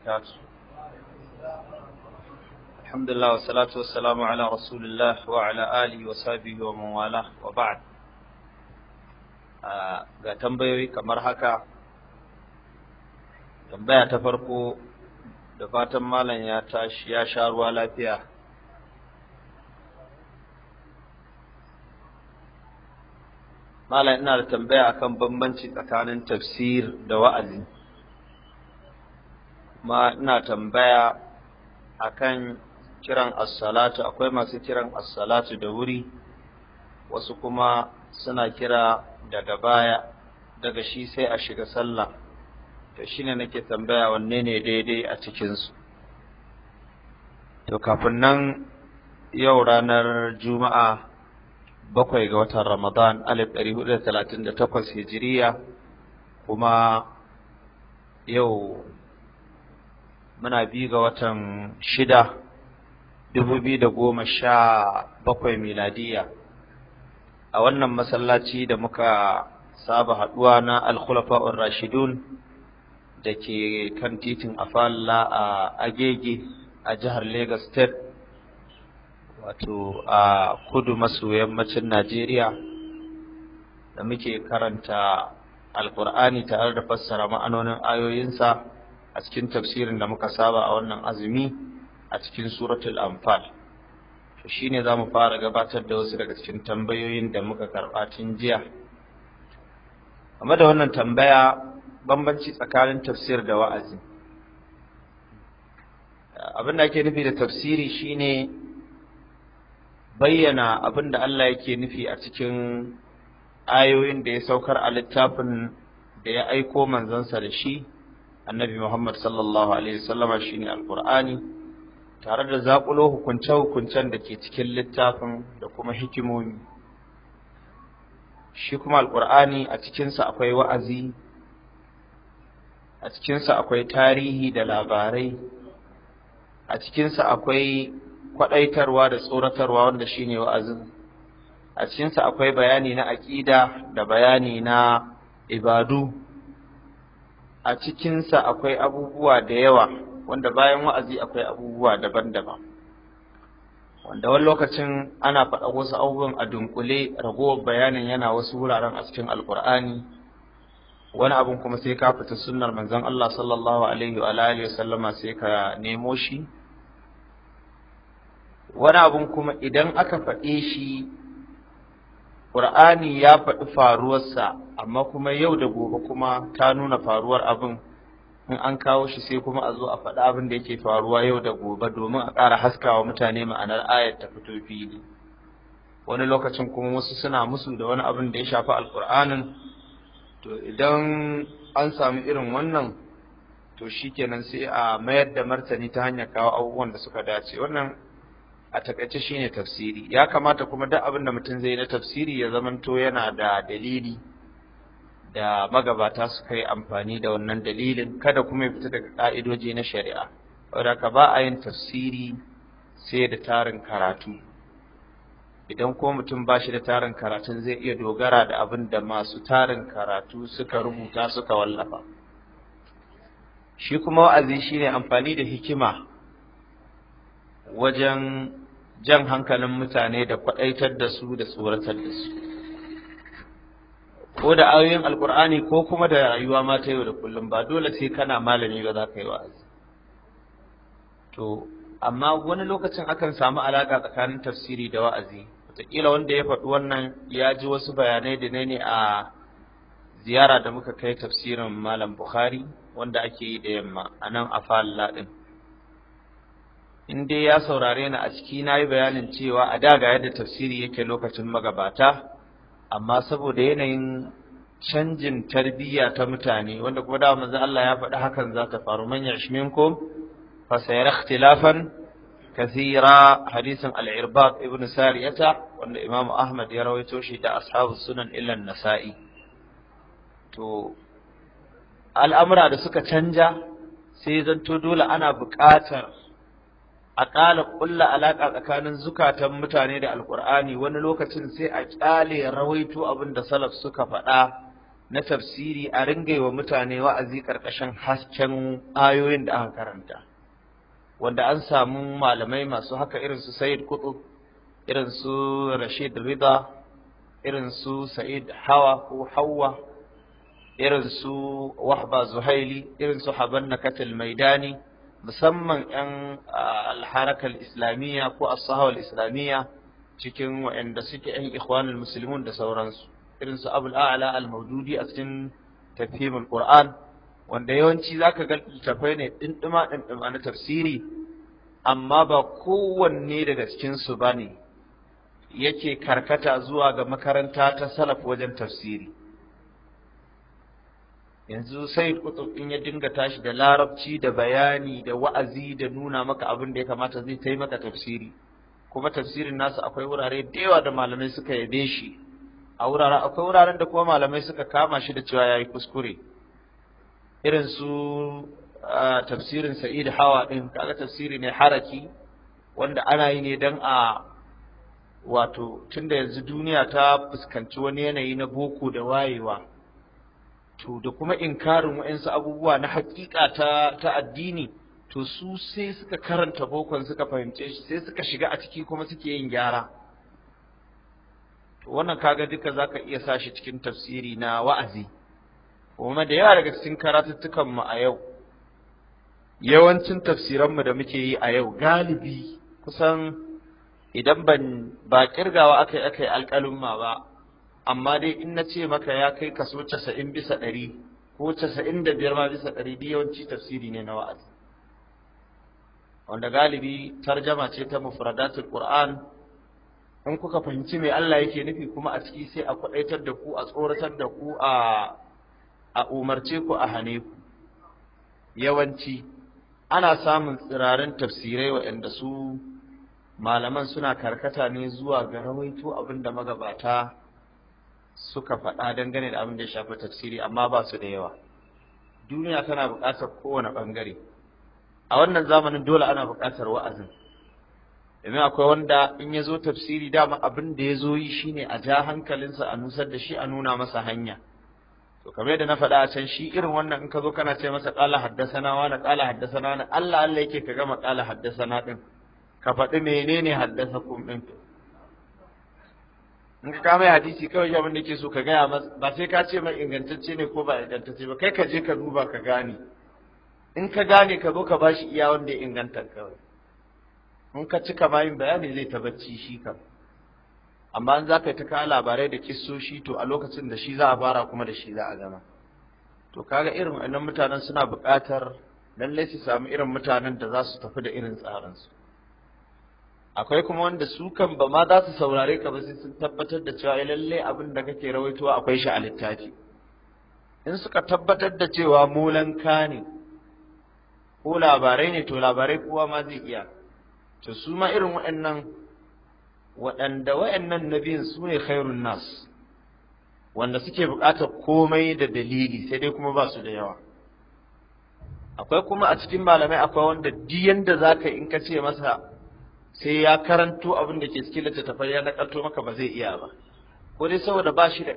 وبركاته الحمد لله والصلاة والسلام على رسول الله وعلى آله وصحبه ومن والاه وبعد ga tambayoyi kamar haka tambaya ta farko da fatan malam ya tashi ya sha ruwa lafiya malam ina da tambaya akan bambanci tsakanin tafsir da wa'azi ma ina tambaya akan kiran assalatu akwai masu kiran assalatu da wuri wasu kuma suna kira daga baya daga shi sai a shiga sallah to shine nake tambaya wanne ne daidai a cikinsu to kafin nan yau ranar juma'a bakwai ga watan ramadan alif ɗari hudu da talatin da takwas hijiriya kuma yau muna bi ga watan shida dubu biyu da goma sha bakwai miladiya a wannan masallaci da muka saba haɗuwa na alkhulafa'ur rashidun da ke kan titin afalla a agege a jihar lagos state wato a kudu maso yammacin najeriya da muke karanta alkur'ani tare da fassara ma'anonin ayoyinsa a cikin tafsirin da muka saba a wannan azumi a cikin suratul anfal to shine zamu fara gabatar da wasu daga cikin tambayoyin da muka karba tun jiya amma da wannan tambaya bambanci tsakanin tafsir da wa'azi abin da ake nufi da tafsiri shine bayyana abin da Allah yake nufi a cikin ayoyin da ya saukar a littafin da ya aiko manzansa da shi annabi Muhammad sallallahu alaihi wasallama shine alqur'ani tare da zaƙulo hukunce hukuncen da ke cikin littafin da kuma hikimomi shi kuma alqur'ani a cikinsa akwai wa'azi a cikinsa akwai tarihi da labarai a cikinsa akwai kwadaitarwa da tsoratarwa wanda shine wa'azin a cikinsa akwai bayani na aƙida da bayani na ibadu a cikinsa akwai abubuwa da yawa wanda bayan wa'azi akwai abubuwa daban-daban wanda wani lokacin ana faɗa wasu abubuwan a dunkule ragowar bayanin yana wasu wuraren a cikin alkur'ani wani abin kuma sai ka fita sunnar manzon Allah sallallahu alaihi wa alihi sallama sai ka nemo shi wani abun kuma idan aka faɗe shi Qur'ani ya faɗi faruwarsa amma kuma yau da gobe kuma ta nuna faruwar abin in an kawo shi sai kuma a zo a faɗa abin da yake faruwa yau da gobe domin a ƙara haskawa mutane ma'anar ayar ta fito fili wani lokacin kuma wasu suna musu da wani abin da ya shafi alƙur'anin to idan an samu irin wannan to kenan sai a mayar da martani ta hanyar kawo abubuwan da suka dace wannan a takaice shine tafsiri ya kamata kuma duk abin da mutum zai na tafsiri ya zamanto yana da dalili da magabata suka yi amfani da wannan dalilin kada kuma ya fita daga ƙa'idoji na shari'a wadda ba a yin tafsiri sai da tarin karatu idan ko mutum ba shi da tarin karatun zai iya dogara da abin da masu tarin karatu suka rubuta suka wallafa shi kuma wa'azi shi ne amfani da hikima wajen jan hankalin mutane da kwaɗaitar da su da tsoratar da su ko da ayoyin alkur'ani ko kuma da rayuwa ma ta yau da kullum ba dole sai kana malami ba za ka yi wa'azi to amma wani lokacin akan samu alaka tsakanin tafsiri da wa'azi wataƙila wanda ya faɗi wannan ya ji wasu bayanai da ne a ziyara da muka kai tafsirin malam bukhari wanda ake yi da yamma a nan a falla ɗin in dai ya saurare ni a ciki na yi bayanin cewa a da ga yadda tafsiri yake lokacin magabata amma saboda yanayin canjin tarbiyya ta mutane wanda kuma da manzo Allah ya faɗi hakan za ta faru man yashminkum fa sayara ikhtilafan kathira hadisin al-irbad ibn sariyata wanda imam ahmad ya rawaito shi da ashabu sunan illa nasai to al'amura da suka canja sai zanto dole ana buƙatar a ƙala ƙulla alaƙa tsakanin zukatan mutane da alƙur'ani wani lokacin sai a ƙyale rawaito abin da salaf suka faɗa na tafsiri a ringa wa mutane wa'azi ƙarƙashin hasken ayoyin da aka karanta wanda an samu malamai masu haka irin su Sayyid kutub irin su Rashid Rida irin su Sa'id Hawa ko Hawwa irin su Wahba Zuhaili irin su Habanna Katil Maidani musamman 'yan alharakar islamiyya ko asahawar islamiyya cikin waɗanda suke 'yan ikhwanul musulmin da sauransu irin su abul a'la al-maududi a cikin tafhimul qur'an wanda yawanci zaka ga tafai ne dindima dindima na tafsiri amma ba kowanne daga cikin su bane yake karkata zuwa ga makaranta ta salaf wajen tafsiri yanzu sai kutub in ya dinga tashi da larabci da bayani da wa'azi da nuna maka abin da ya kamata zai ta maka tafsiri kuma tafsirin nasu akwai wurare da yawa da malamai suka yabe shi a wurare akwai wuraren da kuma malamai suka kama shi da cewa yayi kuskure irin su tafsirin Sa'id Hawa din kaga tafsiri ne haraki wanda ana yi ne dan a wato tunda yanzu duniya ta fuskanci wani yanayi na boko da wayewa to da kuma inkarin wa'insu abubuwa na hakika ta ta addini to su sai suka karanta bokon suka fahimce shi sai suka shiga a ciki kuma suke yin gyara to wannan kaga duka zaka iya sa shi cikin tafsiri na wa'azi kuma da yawa daga cikin karatuttukan mu a yau yawancin tafsiran mu da muke yi a yau galibi kusan idan ban ba kirgawa akai akai alƙalumma ba amma dai in na ce maka ya kai kaso casa'in bisa ɗari ko casa'in da biyar ma bisa ɗari biyu yawanci tafsiri ne na wa'azi wanda galibi tarjama ce ta mufradatul qur'an in kuka fahimci mai Allah yake nufi kuma a ciki sai a kwaɗaitar da ku a tsoratar da ku a a umarce ku a hane ku yawanci ana samun tsirarin tafsirai waɗanda su malaman suna karkata ne zuwa ga rawaito abinda magabata suka faɗa dangane da abin da ya shafi tafsiri amma ba su da yawa duniya tana buƙatar kowane ɓangare a wannan zamanin dole ana buƙatar wa'azin domin akwai wanda in ya zo tafsiri dama abin da ya zo yi shi ne a ja hankalinsa a nusar da shi a nuna masa hanya to kamar yadda na faɗa a can shi irin wannan in ka zo kana ce masa ƙala haddasana wani ƙala haddasana wani Allah Allah yake ka gama ƙala haddasana ɗin ka faɗi menene haddasa kun ɗin in ka kama hadisi kawai abin da ke so ka gaya masa ba sai ka ce mai ingantacce ne ko ba ingantacce ba kai ka je ka duba ka gane in ka gane ka zo ka bashi iya wanda ya inganta kawai in ka cika mayin bayani zai ta bacci shi kan amma in za ka yi ta kawo labarai da kissoshi to a lokacin da shi za a fara kuma da shi za a gama to kaga irin wannan mutanen suna buƙatar lallai su samu irin mutanen da za su tafi da irin tsarinsu akwai kuma wanda su kan ba ma za su saurare ka ba sai sun tabbatar da cewa lalle abin da kake rawaitowa akwai shi a littafi in suka tabbatar da cewa ka ne ko labarai ne to labarai kowa ma zai iya to su ma irin waɗannan waɗanda waɗannan nabiyin su ne khairun nas wanda suke buƙatar komai da dalili sai dai kuma ba su da yawa akwai kuma a cikin malamai akwai wanda duk yanda zaka in ka ce masa sai ya karanto abin da ke cikin littattafai ya nakalto maka ba zai iya ba ko dai saboda ba shi da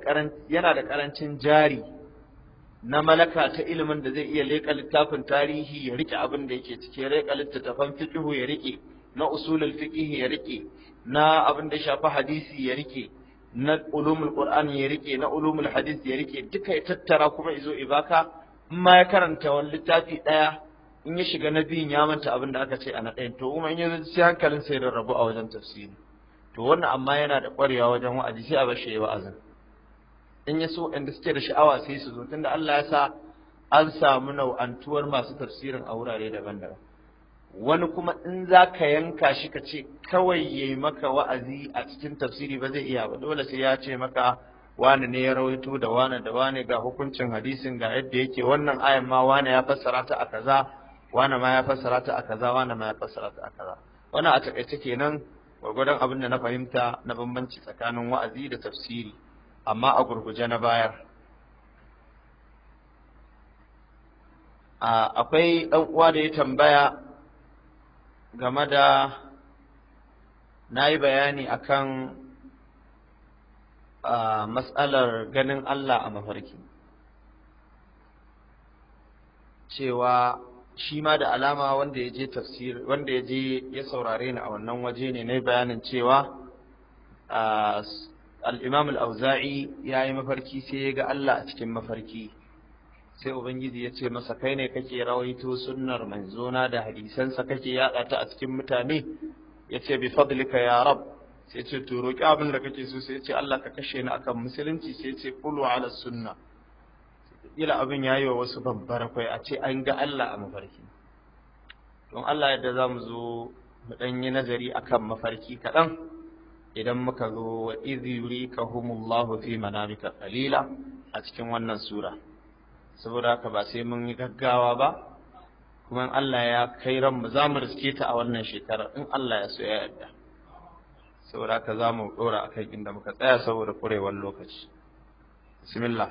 yana da karancin jari na malaka ta ilimin da zai iya leƙa littafin tarihi ya rike abin da yake ciki ya leƙa littattafan fiqhu ya rike na usulul fiqh ya rike na abin da shafi hadisi ya rike na ulumul qur'ani ya rike na ulumul hadisi ya rike duka ya tattara kuma izo ibaka in ma ya karanta wani littafi ɗaya. in ya shiga na biyun ya manta abin da aka ce a na ɗayan to kuma in ya zai hankalin sai da rabu a wajen tafsiri to wannan amma yana da ƙwarewa wajen wa'azi sai a bar shi wa'azin in ya so inda suke da sha'awa sai su zo tunda Allah ya sa an samu nau'antuwar masu tafsirin a wurare daban-daban wani kuma in za ka yanka shi ka ce kawai ya yi maka wa'azi a cikin tafsiri ba zai iya ba dole sai ya ce maka wani ne ya rawaito da wani da wani ga hukuncin hadisin ga yadda yake wannan ayan ma wani ya fassara ta a kaza wani ma ya fassara ta a kaza wani ma ya fassara ta a kaza wannan a takaice kenan gwargwadon abin da na fahimta na bambanci tsakanin wa'azi da tafsiri amma a gurguje na bayar akwai ɗan uwa da ya tambaya game da na yi bayani akan matsalar ganin Allah a mafarki cewa shi ma da alama wanda ya je tafsir wanda ya je ya saurare ni a wannan waje ne na bayanin cewa al-Imam al-Auza'i ya yi mafarki sai ya ga Allah a cikin mafarki sai ubangiji ya ce masa kai ne kake rawaito sunnar manzona da hadisansa kake yaɗa ta a cikin mutane ya ce bi fadlika ya rab sai ce to roƙi abin da kake so sai ce Allah ka kashe ni akan musulunci sai ce qulu ala sunna kila abin ya yi wa wasu babbar kwai a ce an ga Allah a mafarki don Allah yadda za mu zo mu ɗan yi nazari akan mafarki kaɗan idan muka zo wa izi Allahu fi manamika ƙalila a cikin wannan sura saboda haka ba sai mun yi gaggawa ba kuma in Allah ya kai ran mu za mu riske ta a wannan shekarar in Allah ya so ya yarda saboda haka za mu ɗora akan inda muka tsaya saboda kurewar lokaci bismillah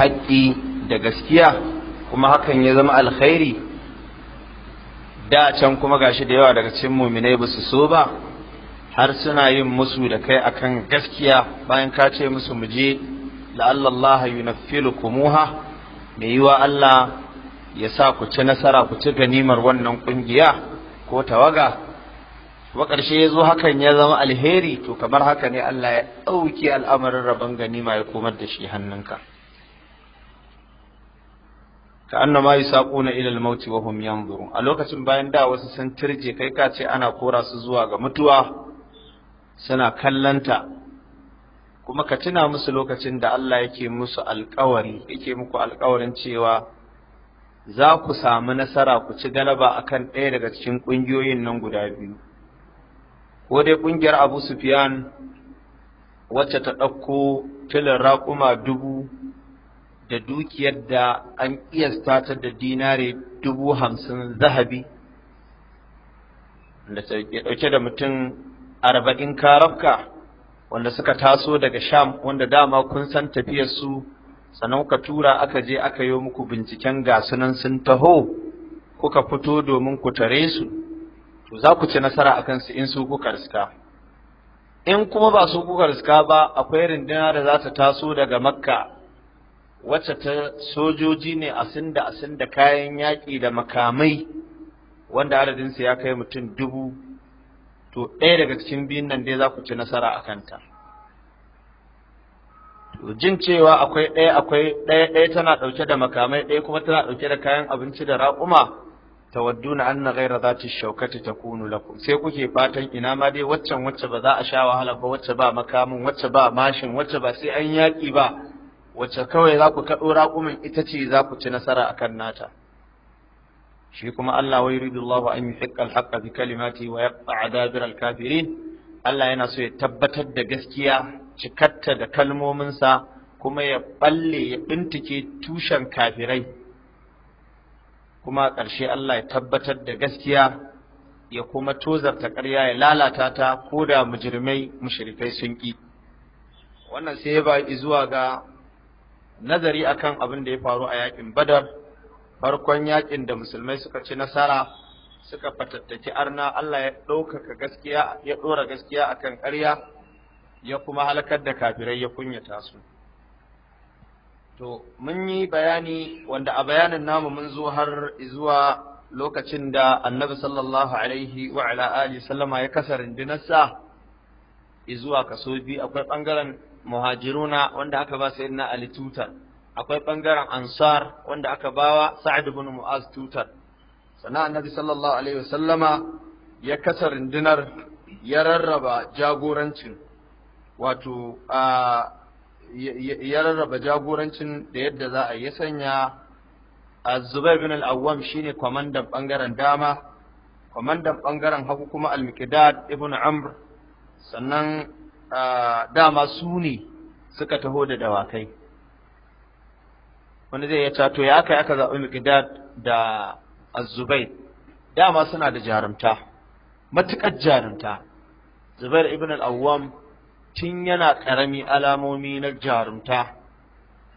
haƙƙi da gaskiya kuma hakan ya zama alkhairi da can kuma gashi da yawa daga cikin muminai ba su so ba har suna yin musu da kai akan gaskiya bayan ka ce musu mu je la'allallaha yunaffilukumuha mai yiwa Allah ya sa ku ci nasara ku ci ganimar wannan kungiya ko tawaga wa ƙarshe ya zo hakan ya zama alheri to kamar haka ne Allah ya ɗauki al'amarin rabon ganima ya komar da shi hannunka ka annama yusaquna ila al-maut wa hum yanzurun a lokacin bayan da wasu sun tirje kai ka ce ana kora su zuwa ga mutuwa suna kallanta kuma ka tuna musu lokacin da Allah yake musu alƙawari yake muku alƙawarin cewa za ku samu nasara ku ci galaba akan ɗaya daga cikin ƙungiyoyin nan guda biyu ko dai ƙungiyar Abu Sufyan wacce ta ɗauko tilin raƙuma dubu da dukiyar da an iya ta da dinare dubu hamsin zahabi wanda da ɗauke da mutum arba'in karafka wanda suka taso daga sham wanda dama kun san tafiyarsu sannan kuka tura aka je aka yi muku binciken gasunan sun taho kuka fito domin ku tare su to za ku ci nasara a kansu in su kuka riska in kuma ba su kuka riska ba akwai rindina da za ta taso daga makka wacce ta sojoji ne a da asin da kayan yaƙi da makamai wanda adadinsa ya kai mutum dubu to ɗaya daga cikin biyun nan dai za ku ci nasara a kanta jin cewa akwai ɗaya akwai ɗaya ɗaya tana ɗauke da makamai ɗaya kuma tana ɗauke da kayan abinci da raƙuma tawadduna anna ghayra zati shaukati takunu lakum sai kuke fatan ina ma dai waccan wacce ba za a sha wahala ba wacce ba makamin wacce ba mashin wacce ba sai an yaki ba wacce kawai za ku kaɗo raƙumin ita ce za ku ci nasara a kan nata shi kuma Allah wa yuridu Allah an yuhiqqa al alhaƙa bi kalimati wa yaqta'a dabira al-kafirin Allah yana so ya tabbatar da gaskiya cikatta da kalmominsa kuma ya balle ya bintike tushen kafirai kuma a ƙarshe Allah ya tabbatar da gaskiya ya kuma tozarta ƙarya ya lalata ta ko da mujirmai mushrikai sun ƙi wannan sai ya ba zuwa ga nazari akan abin da ya faru a yakin badar farkon yakin da musulmai suka ci nasara suka fatattaki arna Allah ya ɗaukaka gaskiya ya ɗora gaskiya akan ƙarya ya kuma halakar da kafirai ya kunyata su to mun yi bayani wanda a bayanin namu mun zo har zuwa lokacin da annabi sallallahu alaihi wa ala alihi sallama ya kasa rundunarsa zuwa kaso biyu akwai ɓangaren muhajiruna wanda aka ba na Ali tutar akwai bangaren ansar wanda aka bawa Sa'ad ibn Mu'az tutar sannan annabi sallallahu alaihi wasallama ya kasa rundunar ya rarraba jagorancin wato ya rarraba jagorancin da yadda za a yi sanya Zubair bin al-Awwam shine kwamandan bangaren dama kwamandan bangaren hagu kuma al-Miqdad ibn Amr sannan dama su ne suka taho da dawakai wani zai ya to ya aka yi aka zaɓi miqdad da azubai dama suna da jarumta matuƙar jarumta zubair ibn al-awwam tun yana ƙarami alamomi na jarumta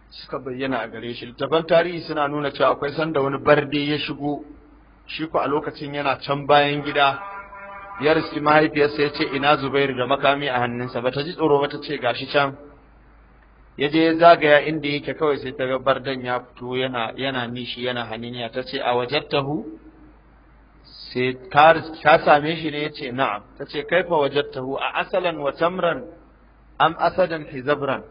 suka bayyana a gare shi littafan tarihi suna nuna cewa akwai sanda wani barde ya shigo shi ku a lokacin yana can bayan gida ya riski mahaifiyarsa ya ce ina Zubairu da makami a hannunsa ba ta ji tsoro ba ta ce gashi can ya je ya zagaya inda yake kawai sai ta ga bardan ya fito yana yana nishi yana haniniya ta ce a wajattahu sai ta same shi ne ya ce na'am ta ce kai wajen wajattahu a asalan wa tamran am asadan hizabran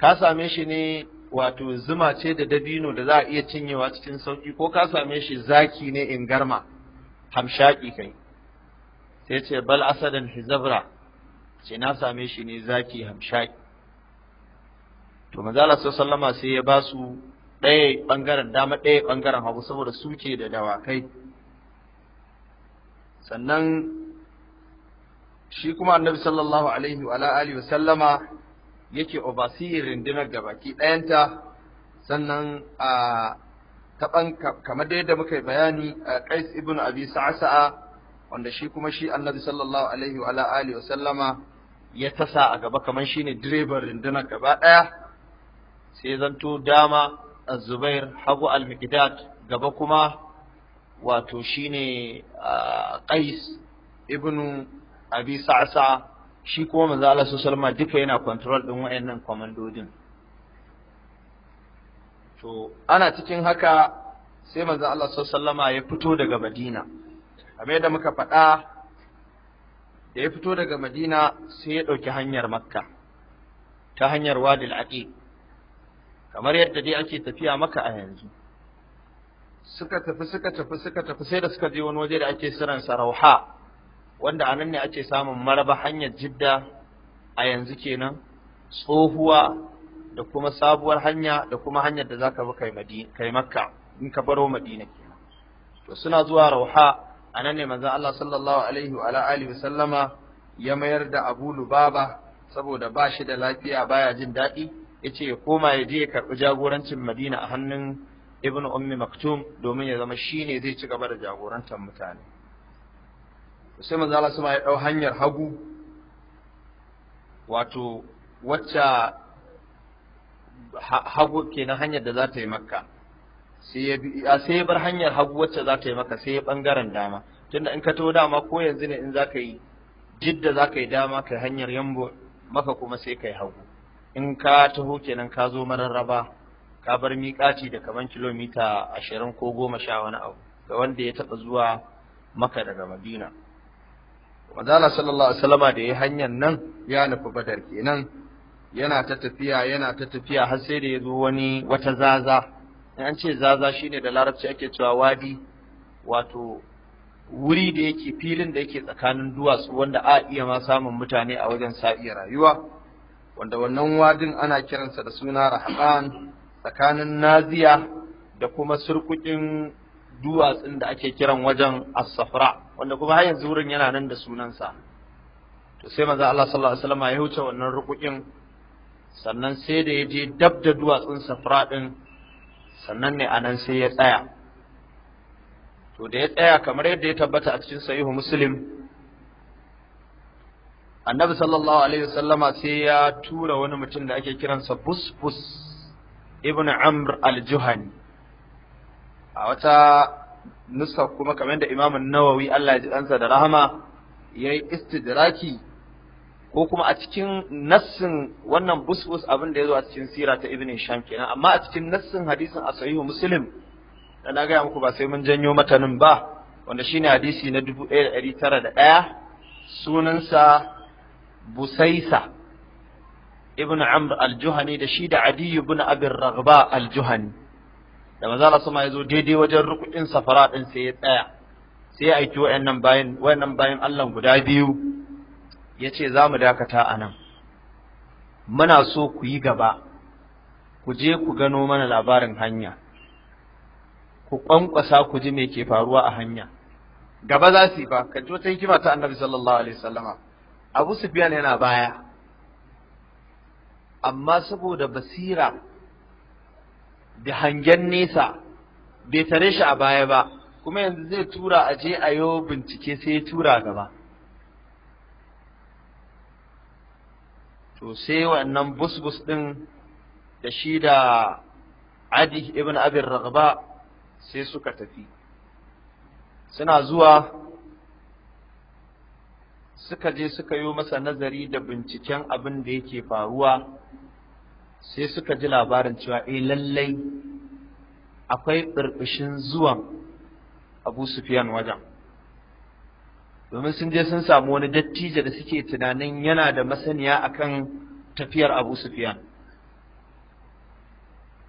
ka same shi ne wato zuma ce da dabino da za a iya cinyewa cikin sauki ko ka same shi zaki ne in garma hamshaki kai sai ce bal asadan hizabra ce na same shi ne zaki hamshaki to manzala sallama sai ya ba su ɗaya ɓangaren dama ɗaya ɓangaren hagu saboda su ke da dawakai sannan shi kuma annabi sallallahu alaihi wa alihi wa sallama yake obasiyin rundunar gabaki ɗayanta sannan a taɓan kamar da yadda muka yi bayani a qais ibn abi sa'sa'a wanda shi kuma shi annabi sallallahu alaihi wa alihi wa sallama ya tasa a gaba kamar shine direban rundunar gaba daya sai zanto dama az-zubair hagu al-miqdad gaba kuma wato shine qais ibnu abi sa'sa shi kuma manzo Allah sallallahu duka yana control din wayannan komandodin to ana cikin haka sai manzo Allah sallallahu ya fito daga Madina kamar yadda muka faɗa da ya fito daga madina sai ya ɗauki hanyar makka ta hanyar wadil aqi kamar yadda dai ake tafiya maka a yanzu suka tafi suka tafi suka tafi sai da suka je wani waje da ake siran sarauha wanda a nan ne ake samun maraba hanyar jidda a yanzu kenan tsohuwa da kuma sabuwar hanya da kuma hanyar da za ka bi kai makka in ka baro madina kenan to suna zuwa rauha anan ne manzan Allah sallallahu alaihi wa alihi sallama ya mayar da Abu Lubaba saboda ba shi da lafiya baya jin daɗi Ya ce ya koma ya je ya karɓi jagorancin Madina a hannun Ibn Ummi Maktum domin ya zama shine zai ci gaba da jagorantar mutane sai manzo Allah sama ya dau hanyar hagu wato wacce hagu kenan hanyar da za ta yi makka sai ya sai bar hanyar hagu wacce za ta yi maka sai bangaren dama tunda in ka taho dama ko yanzu ne in za ka yi jidda za ka yi dama ka hanyar yambo maka kuma sai ka yi hagu in ka taho kenan ka zo mararraba ka bar miƙaci da kaman kilomita ashirin ko goma sha wani abu ga wanda ya taɓa zuwa maka daga madina manzala sallallahu alaihi wasallama da ya hanyar nan ya nufi badar kenan yana ta tafiya yana ta tafiya har sai da ya zo wani wata zaza an ce zaza shine da larabci ake cewa wadi wato wuri da yake filin da yake tsakanin duwatsu wanda a iya ma samun mutane a wajen sa rayuwa wanda wannan wadin ana kiransa da suna rahaban tsakanin naziya da kuma surkukin duwatsun da ake kiran wajen asafra safra wanda kuma har yanzu wurin yana nan da sunansa to sai manzo Allah sallallahu alaihi wasallam ya huce wannan rukukin sannan sai da ya je dabda duwatsun safra din sannan ne a nan sai ya tsaya to da ya tsaya kamar yadda ya tabbata a cikin sahihu muslim annabi sallallahu alaihi wasallama sai ya tura wani mutum da ake kiransa busbus ibn amr al-juhani a wata nusa kuma kamar da imamun nawawi Allah ya ji ɗansa da rahama ya yi istidraki ko kuma a cikin nassin wannan busbus abin da ya zo a cikin sira ta ibn sham kenan amma a cikin nassin hadisin a sahihu muslim da na gaya muku ba sai mun janyo matanin ba wanda shine hadisi na ɗaya, sunansa busaisa ibn amr al-juhani da shi da adi ibn abin raghba al-juhani da maza Allah sama ya zo daidai wajen rukunin safara din sai ya tsaya sai ya aiki wayannan bayan wayannan bayan Allah guda biyu ya ce za mu dakata a nan muna so ku yi gaba ku je ku gano mana labarin hanya ku ƙwanƙwasa ku ji me ke faruwa a hanya gaba za su yi ba ka ji wata hikima ta annabi sallallahu alaihi wasallama abu sufyan yana baya amma saboda basira da hangen nesa bai tare shi a baya ba kuma yanzu zai tura a je a yo bincike sai ya tura gaba to sai wannan busbus ɗin da shi da Adi ibn Abi ragba sai suka tafi suna zuwa suka je suka yi masa nazari da binciken abin da yake faruwa sai suka ji labarin cewa e lallai akwai ɓirɓishin zuwan Abu Sufyan wajen domin sun je sun samu wani dattijo da suke tunanin yana da masaniya akan tafiyar Abu Sufyan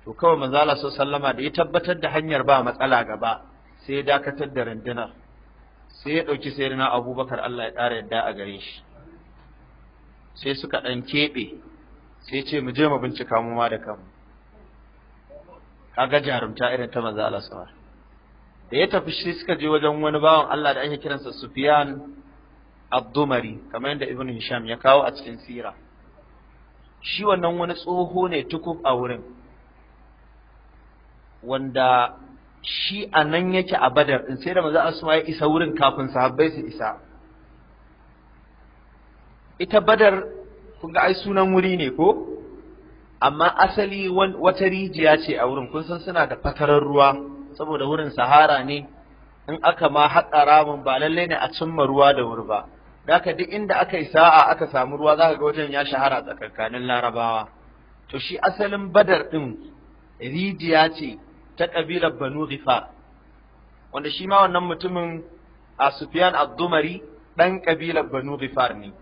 to kawai manzala so sallama da ya tabbatar da hanyar ba matsala gaba sai ya dakatar da rundunar sai ya ɗauki sayyidina abubakar Allah ya ƙara yadda a gare shi sai suka ɗan keɓe sai ce mu je mu bincika mu ma da kanmu kaga jarumta irin ta manzala sallama da ya tafi shi suka je wajen wani bawan Allah da ake kiransa Sufyan Abdumari kamar yadda Ibn Hisham ya kawo a cikin sira shi wannan wani tsoho ne tukub a wurin wanda shi a nan yake a Badar in sai da maza Asma ya isa wurin kafin sahabbai su isa ita Badar kun ga ai sunan wuri ne ko amma asali wata rijiya ce a wurin kun san suna da fatarar ruwa saboda wurin sahara ne in aka ma haƙa ramin ba lallai ne a cimma ruwa da wuri ba daga duk inda aka yi sa'a aka samu ruwa za ka ga wajen ya shahara tsakankanin larabawa to shi asalin badar ɗin rijiya ce ta ƙabilar banu rifa wanda shi ma wannan mutumin a sufiyan abdumari ɗan ƙabilar banu rifa ne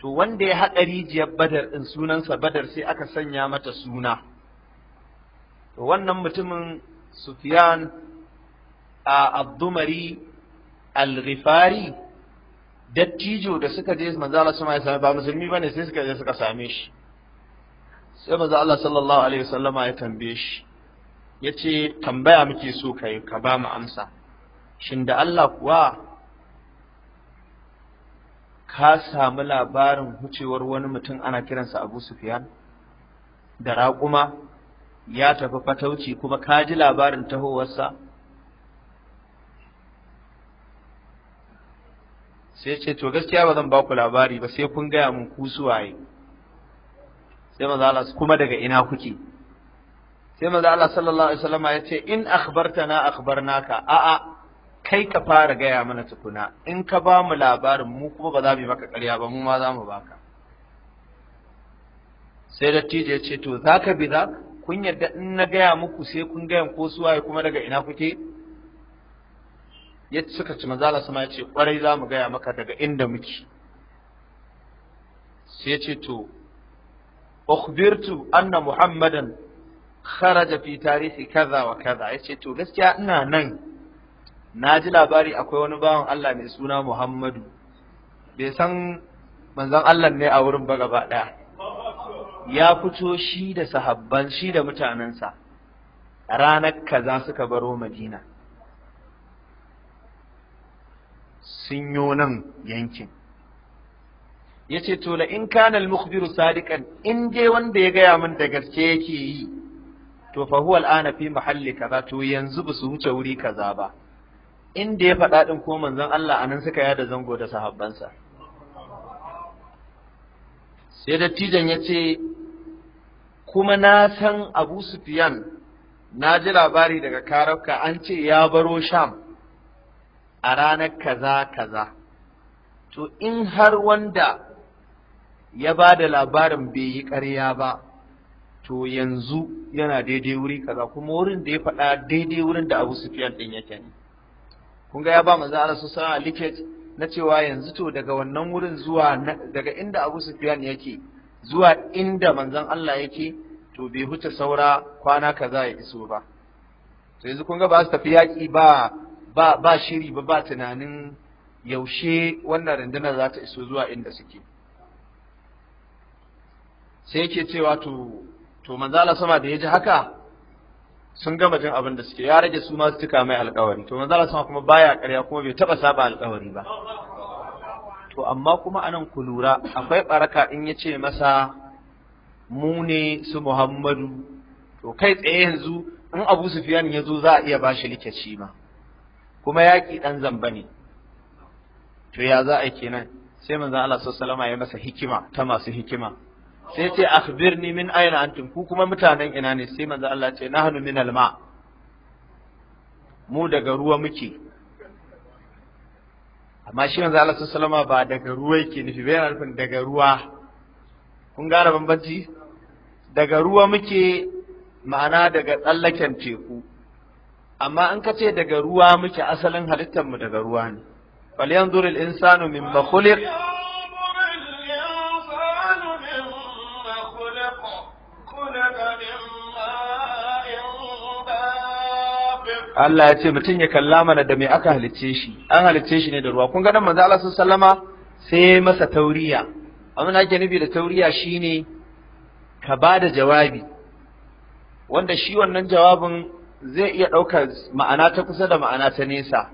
to wanda ya haɗa rijiyar badar ɗin sunansa badar sai aka sanya mata suna to wannan mutumin Sufyan al-Dumari al dattijo da suka je manzo Allah sama ya same ba musulmi bane sai suka je suka same shi sai manzo Allah sallallahu alaihi wasallama ya tambaye shi yace tambaya muke so kai ka ba mu amsa shin da Allah kuwa ka samu labarin hucewar wani mutum ana kiransa Abu Sufyan da raƙuma ya tafi fatauci kuma ka ji labarin tahowarsa sai ce to gaskiya ba zan ba ku labari ba sai kun gaya mun ku waye. sai maza Allah kuma daga ina kuke sai maza Allah sallallahu alaihi wasallam ya ce in akhbartana akhbarnaka a a kai ka fara gaya mana tukuna in ka ba mu labarin mu kuma ba za mu yi maka ƙarya ba mu ma za mu baka sai dattijo ya ce to zaka bi zaka kun yarda in na gaya muku sai kun gaya ko suwaye kuma daga ina kuke ya suka ci manzala sama ya ce kwarai za mu gaya maka daga inda muke sai ya ce to ukhbirtu anna muhammadan kharaja fi tarihi kaza wa kaza ya ce to gaskiya ina nan na ji labari akwai wani bawan Allah mai suna Muhammadu bai san manzon Allah ne a wurin ba gaba ɗaya ya fito shi da sahabban shi da mutanensa ranar kaza suka baro madina sun yo nan yankin ya ce to la in kana al-mukhbiru sadiqan in dai wanda ya gaya min da gaske yake yi to fa huwa al fi mahalli kaza to yanzu ba su wuce wuri kaza ba In inda ya faɗa ɗin ko manzon Allah anan suka yada zango da sahabbansa sai dattijan ya ce kuma na san Abu Sufyan na ji labari daga Karabka an ce ya baro Sham a ranar kaza kaza to in har wanda ya ba da labarin bai yi ƙarya ba to yanzu yana daidai wuri kaza kuma wurin da ya faɗa daidai wurin da Abu Sufyan din yake ne kun ga ya ba manzo Allah sallallahu alaihi na cewa yanzu to daga wannan wurin zuwa daga inda Abu Sufyan yake zuwa inda manzan Allah yake to bai huce saura kwana kaza ya iso ba to yanzu kun ga ba su tafi yaƙi ba ba shiri ba ba tunanin yaushe wannan rundunar za ta iso zuwa inda suke sai yake cewa to to manzala sama da ya ji haka sun gama jin abin da suke ya rage su masu su tuka mai alƙawari to manzala sama kuma baya ƙarya kuma bai taɓa saba alƙawari ba to amma kuma anan ku lura akwai baraka in ya ce masa mu ne su Muhammadu to kai tsaye yanzu in Abu Sufyan ya zo za a iya bashi shi likaci ma kuma yaƙi ɗan zamba ne to ya za a kenan sai manzo Allah sallallahu ya masa hikima ta masu hikima sai ce akhbirni min aina antum ku kuma mutanen ina ne sai manzo Allah ce nahnu min alma mu daga ruwa muke amma shi manzo Allah sallama ba daga ruwa yake nufi bai alfin daga ruwa kun gane bambanci daga ruwa muke ma'ana daga tsallaken teku amma an ka ce daga ruwa muke asalin halittar mu daga ruwa ne falyanzur al-insanu mimma khuliq Allah ya ce mutum ya kalla mana da me aka halicce shi an halicce shi ne da ruwa kun ga nan manzo Allah sallama sai masa tauriya abin da ake nufi da tauriya shine ka ba da jawabi wanda shi wannan jawabin zai iya ɗaukar ma'ana ta kusa da ma'ana ta nesa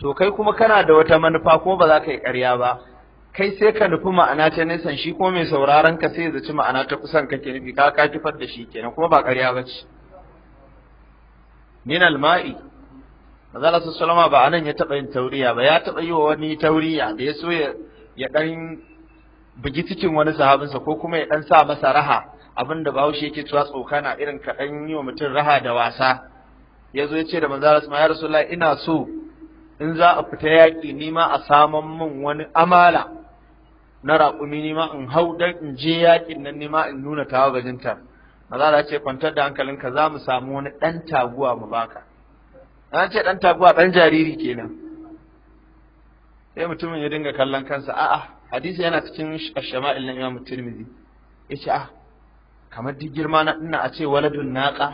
to kai kuma kana da wata manufa ko ba za ka yi ƙarya ba kai sai ka nufi ma'ana ta nesan shi ko mai sauraron ka sai ya zaci ma'ana ta kusan kake nufi ka ka kifar da shi kenan kuma ba ƙarya ba ce min alma'i maza Allah sallama ba anan ya taba yin tauriya ba ya taba yi wa wani tauriya da ya so ya dan bugi cikin wani sahabinsa ko kuma ya dan sa masa raha abinda Bahaushe yake cewa tsokana irin ka dan yi wa mutum raha da wasa ya zo ya ce da manzo Allah ya rasulullahi ina so in za a fita yaƙi ni ma a saman min wani amala na raƙumi ni ma in hau dan in je yaƙin nan ni ma in nuna tawa bajinta mazala ce kwantar da hankalinka za mu samu wani ɗan taguwa mu baka na ce ɗan taguwa ɗan jariri kenan sai mutumin ya dinga kallon kansa a'a hadisi yana cikin shama'il na imam tirmidhi ce a ah, kamar duk girma na ina a ce waladun naƙa.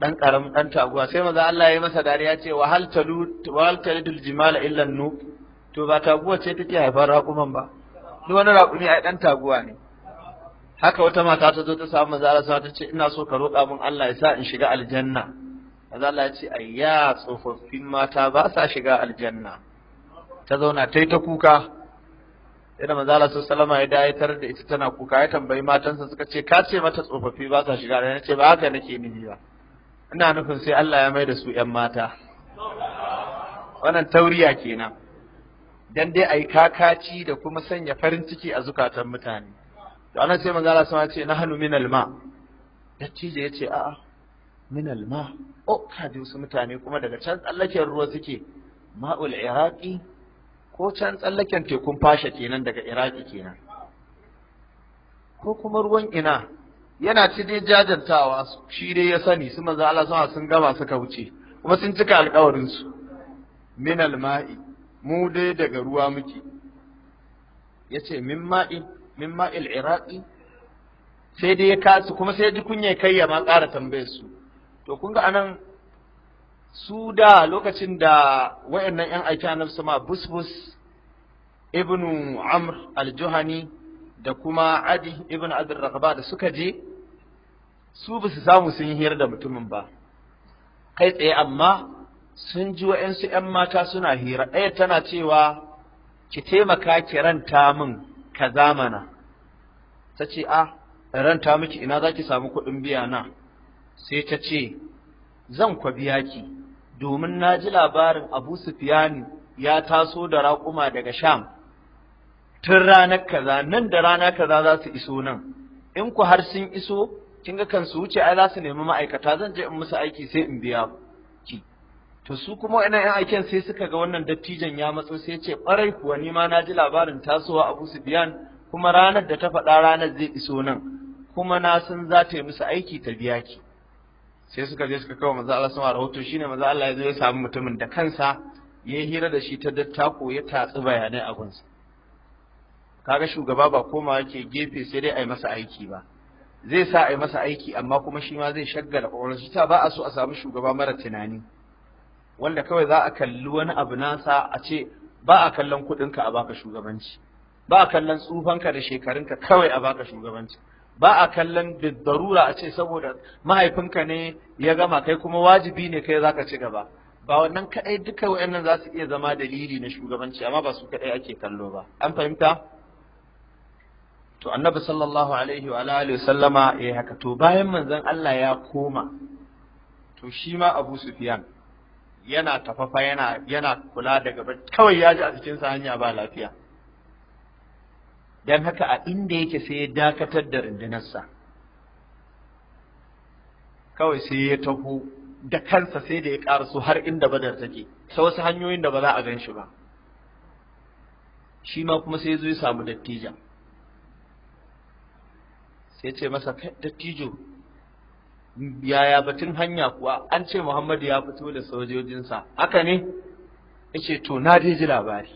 Ɗan ƙaramin ɗan taguwa sai maza Allah ya yi masa dariya ce wa hal talud talidul jimala illan nu to ba taguwa ce take haifar raƙuman ba duk wani raƙumi a ɗan taguwa ne haka wata mata ta zo ta samu maza Allah ta ce ina so ka roƙa min Allah ya sa in shiga aljanna manzo Allah ya ce ayya tsofaffin mata ba sa shiga aljanna ta zauna ta yi ta kuka idan manzo Allah sallama ya dayatar da ita tana kuka ya tambayi matansa suka ce ka ce mata tsofaffi ba sa shiga aljanna ce ba haka nake nufi ba ina nufin sai Allah ya mai da su 'yan mata wannan tauriya kenan dan dai ayi kakaci da kuma sanya farin ciki a zukatan mutane to ana sai manzo Allah sama ce nahnu min alma dattijo ya ce a'a minal ma. o oh, ka ji wasu mutane kuma daga can tsallaken ruwa suke ma'ul iraqi ko can tsallaken tekun fasha kenan daga Iraki kenan ko kuma ruwan ina yana ci dai jajantawa shi dai ya sani su manzo Allah sama sun gama suka wuce kuma sun cika alƙawarin su minal ma'i mu dai daga ruwa muke yace min ma'i min ma'il iraqi sai dai ya kasu kuma sai ji kunya kai ya ma ƙara tambayar su to kun ga anan su da lokacin da wayannan yan aiki annabi sama busbus ibnu amr al-juhani da kuma adi ibnu abd da suka je su basu samu sun yi hira da mutumin ba kai tsaye amma sun ji wa'yansu ‘yan mata suna hira ɗaya tana cewa ki taimaka ki ranta min kaza mana ta ce a ah, ranta miki ina za ki samu kuɗin biya na sai ta ce zan kwa biya ki domin na ji labarin abu sufiyani ya taso da raƙuma daga sham tun ranar kaza nan da rana kaza za su iso nan in ku har sun iso kin ga kan wuce ai za su nemi ma'aikata zan je in musu aiki sai in biya ku to su kuma wa'annan yan aiken sai suka ga wannan dattijan ya matso sai ce ɓarai kuwa ni ma na ji labarin tasowa Abu biyan? kuma ranar da ta faɗa ranar zai iso nan kuma na san za ta yi musu aiki ta biya ki sai suka je suka kawo maza Allah sama rahoto shine maza Allah ya zo ya samu mutumin da kansa ya yi hira da shi ta dattako ya tatsi bayanai a gunsa kaga shugaba ba koma yake gefe sai dai a yi masa aiki ba zai sa a yi masa aiki amma kuma shi ma zai shaggala ƙwaƙwalwar shi ta ba a so a samu shugaba mara tunani wanda kawai za a kalli wani abu nasa a ce ba a kallon kuɗinka a baka shugabanci ba a kallon tsufanka da shekarunka kawai a baka shugabanci ba a kallon darura a ce saboda mahaifinka ne ya gama kai kuma wajibi ne kai zaka ci gaba ba wannan kadai duka wayannan za su iya zama dalili na shugabanci amma ba su kadai ake kallo ba an fahimta to annabi sallallahu alaihi wa alihi sallama ya haka to bayan manzon Allah ya koma to shi ma Abu Sufyan yana tafafa yana yana kula da gaba kawai ya ji a cikin sa hanya ba lafiya dan haka a inda yake sai ya dakatar da sa kawai sai ya taho da kansa sai da ya su har inda badar take ta wasu hanyoyin da ba za a gan shi ba shi ma kuma sai ya zo ya samu dattijan sai ce masa dattijo yaya batun hanya kuwa an ce Muhammadu ya fito da sojojinsa haka ne yace to na dai ji labari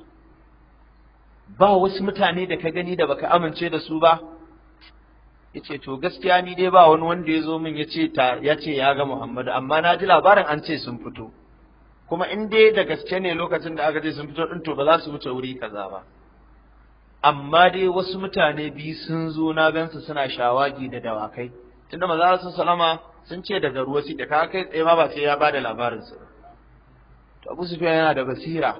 ba wasu mutane da ka gani da baka amince da su ba yace to gaskiya ni dai ba wani wanda ya zo min yace ta yace ya ga Muhammadu amma na ji labarin an ce sun fito kuma in dai da gaske ne lokacin da aka ce sun fito din to ba za su wuce wuri kaza ba amma dai wasu mutane biyu sun zo na gansu suna shawagi da dawakai tunda maza sun salama sun ce daga ruwa sai da ka kai tsaye ma ba sai ya bada labarin su to Abu Sufyan yana da basira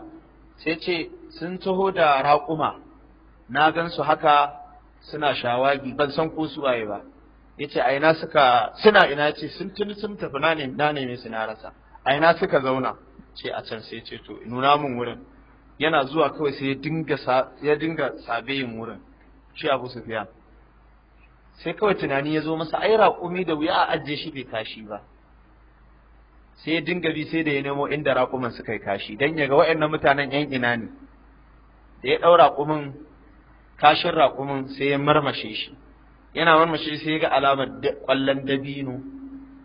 sai ce sun taho da raƙuma na gan su haka suna shawagi ban san ko su waye ba yace a ina suka suna ina ce sun tuni sun tafi na ne su na rasa a ina suka zauna ce a can sai ce to nuna min wurin yana zuwa kawai sai ya dinga ya sabeyin wurin shi Abu Sufyan sai kawai tunani ya zo masa ai raƙumi da wuya a ajiye shi bai kashi ba sai ya dinga bi sai da ya nemo inda raƙumin suka yi kashi dan ya ga waɗannan mutanen yan ina ne da ya ɗau raƙumin kashin raƙumin sai ya marmashe shi yana marmashe sai ya ga alamar ƙwallon dabino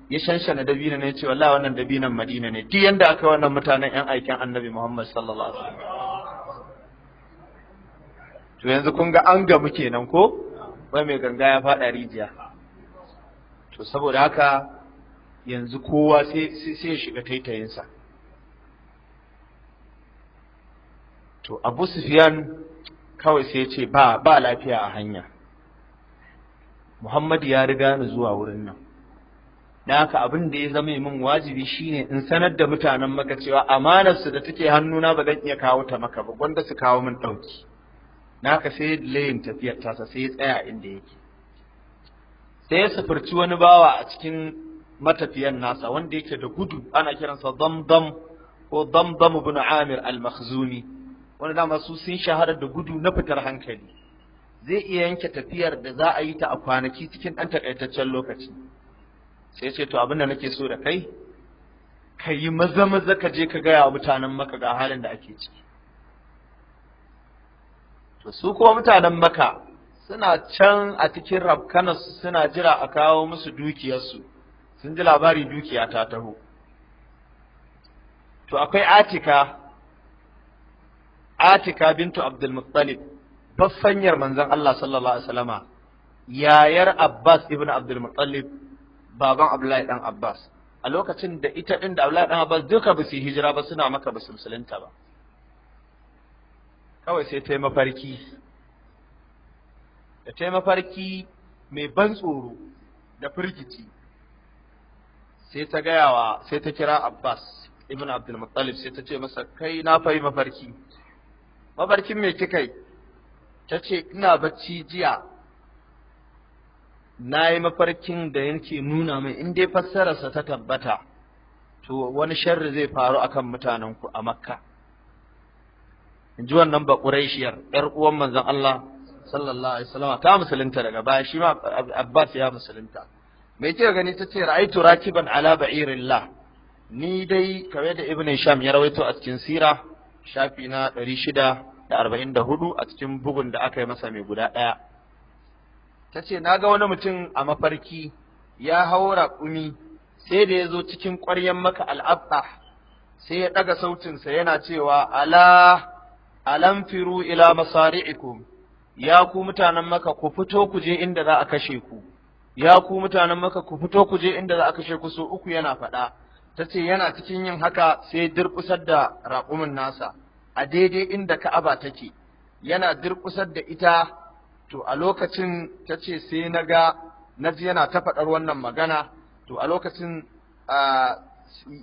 ya shanshana dabino ne ce wallahi wannan dabinon Madina ne duk yanda aka yi wannan mutanen yan aikin Annabi Muhammad sallallahu alaihi wasallam to yanzu kun ga an gamu kenan ko wai mai ganga ya faɗa rijiya to saboda haka yanzu kowa sai ya shiga taitayinsa to abu sufyan kawai sai ya ce ba ba lafiya a hanya muhammad ya riga ni zuwa wurin nan Na haka abin da ya zama min wajibi shine in sanar da mutanen maka cewa amanarsu da take hannuna ba zan iya kawo ta maka ba gwanda su kawo min ɗauki na haka sai layin tafiyar tasa sai ya tsaya inda yake sai ya sufurci wani bawa a cikin matafiyan nasa wanda yake da gudu ana kiransa damdam ko damdam ibn amir al-makhzumi wanda dama su sun shahara da gudu na fitar hankali zai iya yanke tafiyar da za a yi ta a kwanaki cikin ɗan takaitaccen lokaci sai ce to abin da nake so da kai ka yi maza maza ka je ka gaya wa mutanen maka ga halin da ake ciki to su kuma mutanen maka suna can a cikin rafkanarsu suna jira a kawo musu dukiyarsu sun ji labari dukiya ta taho to akwai atika atika bintu abdulmuttalib baffanyar manzon Allah sallallahu alaihi wasallama yayar Abbas ibn abdulmuttalib baban Abdullahi dan Abbas a lokacin da ita din da Abdullahi dan Abbas duka ba su hijira ba suna maka ba su musulunta ba kawai sai ta yi mafarki da ta yi mafarki mai ban tsoro da firgici sai ta gaya sai ta kira Abbas ibn Abdul Muttalib sai ta ce masa kai na fa mafarki mafarkin mai kikai? yi ta ce ina bacci jiya na yi mafarkin da yake nuna mai, in dai fassararsa ta tabbata to wani sharri zai faru akan mutanenku a makka in ji wannan bakuraishiyar ƙuraishiyar uwan manzon Allah sallallahu alaihi wasallam ta musulunta daga baya shi ma Abbas ya musulunta me yake gani ta ce ra'aitu rakiban ala ba'irillah ni dai kawai da ibnu Sham ya rawaito a cikin sira shafi na 644 a cikin bugun da aka yi masa mai guda ɗaya tace ce na ga wani mutum a mafarki ya haura raƙumi, sai da ya zo cikin ƙwaryen maka al'abba sai ya ɗaga sautinsa yana cewa ala alam firu ila masari'ikum ya ku mutanen maka ku fito ku je inda za a kashe ku ya ku mutanen maka ku fito ku je inda za a kashe ku so uku yana faɗa ta ce yana cikin yin haka sai durƙusar da raƙumin nasa a daidai inda ka'aba take yana durƙusar da ita to a lokacin ta ce sai na ga na ji yana ta faɗar wannan magana to a lokacin ah,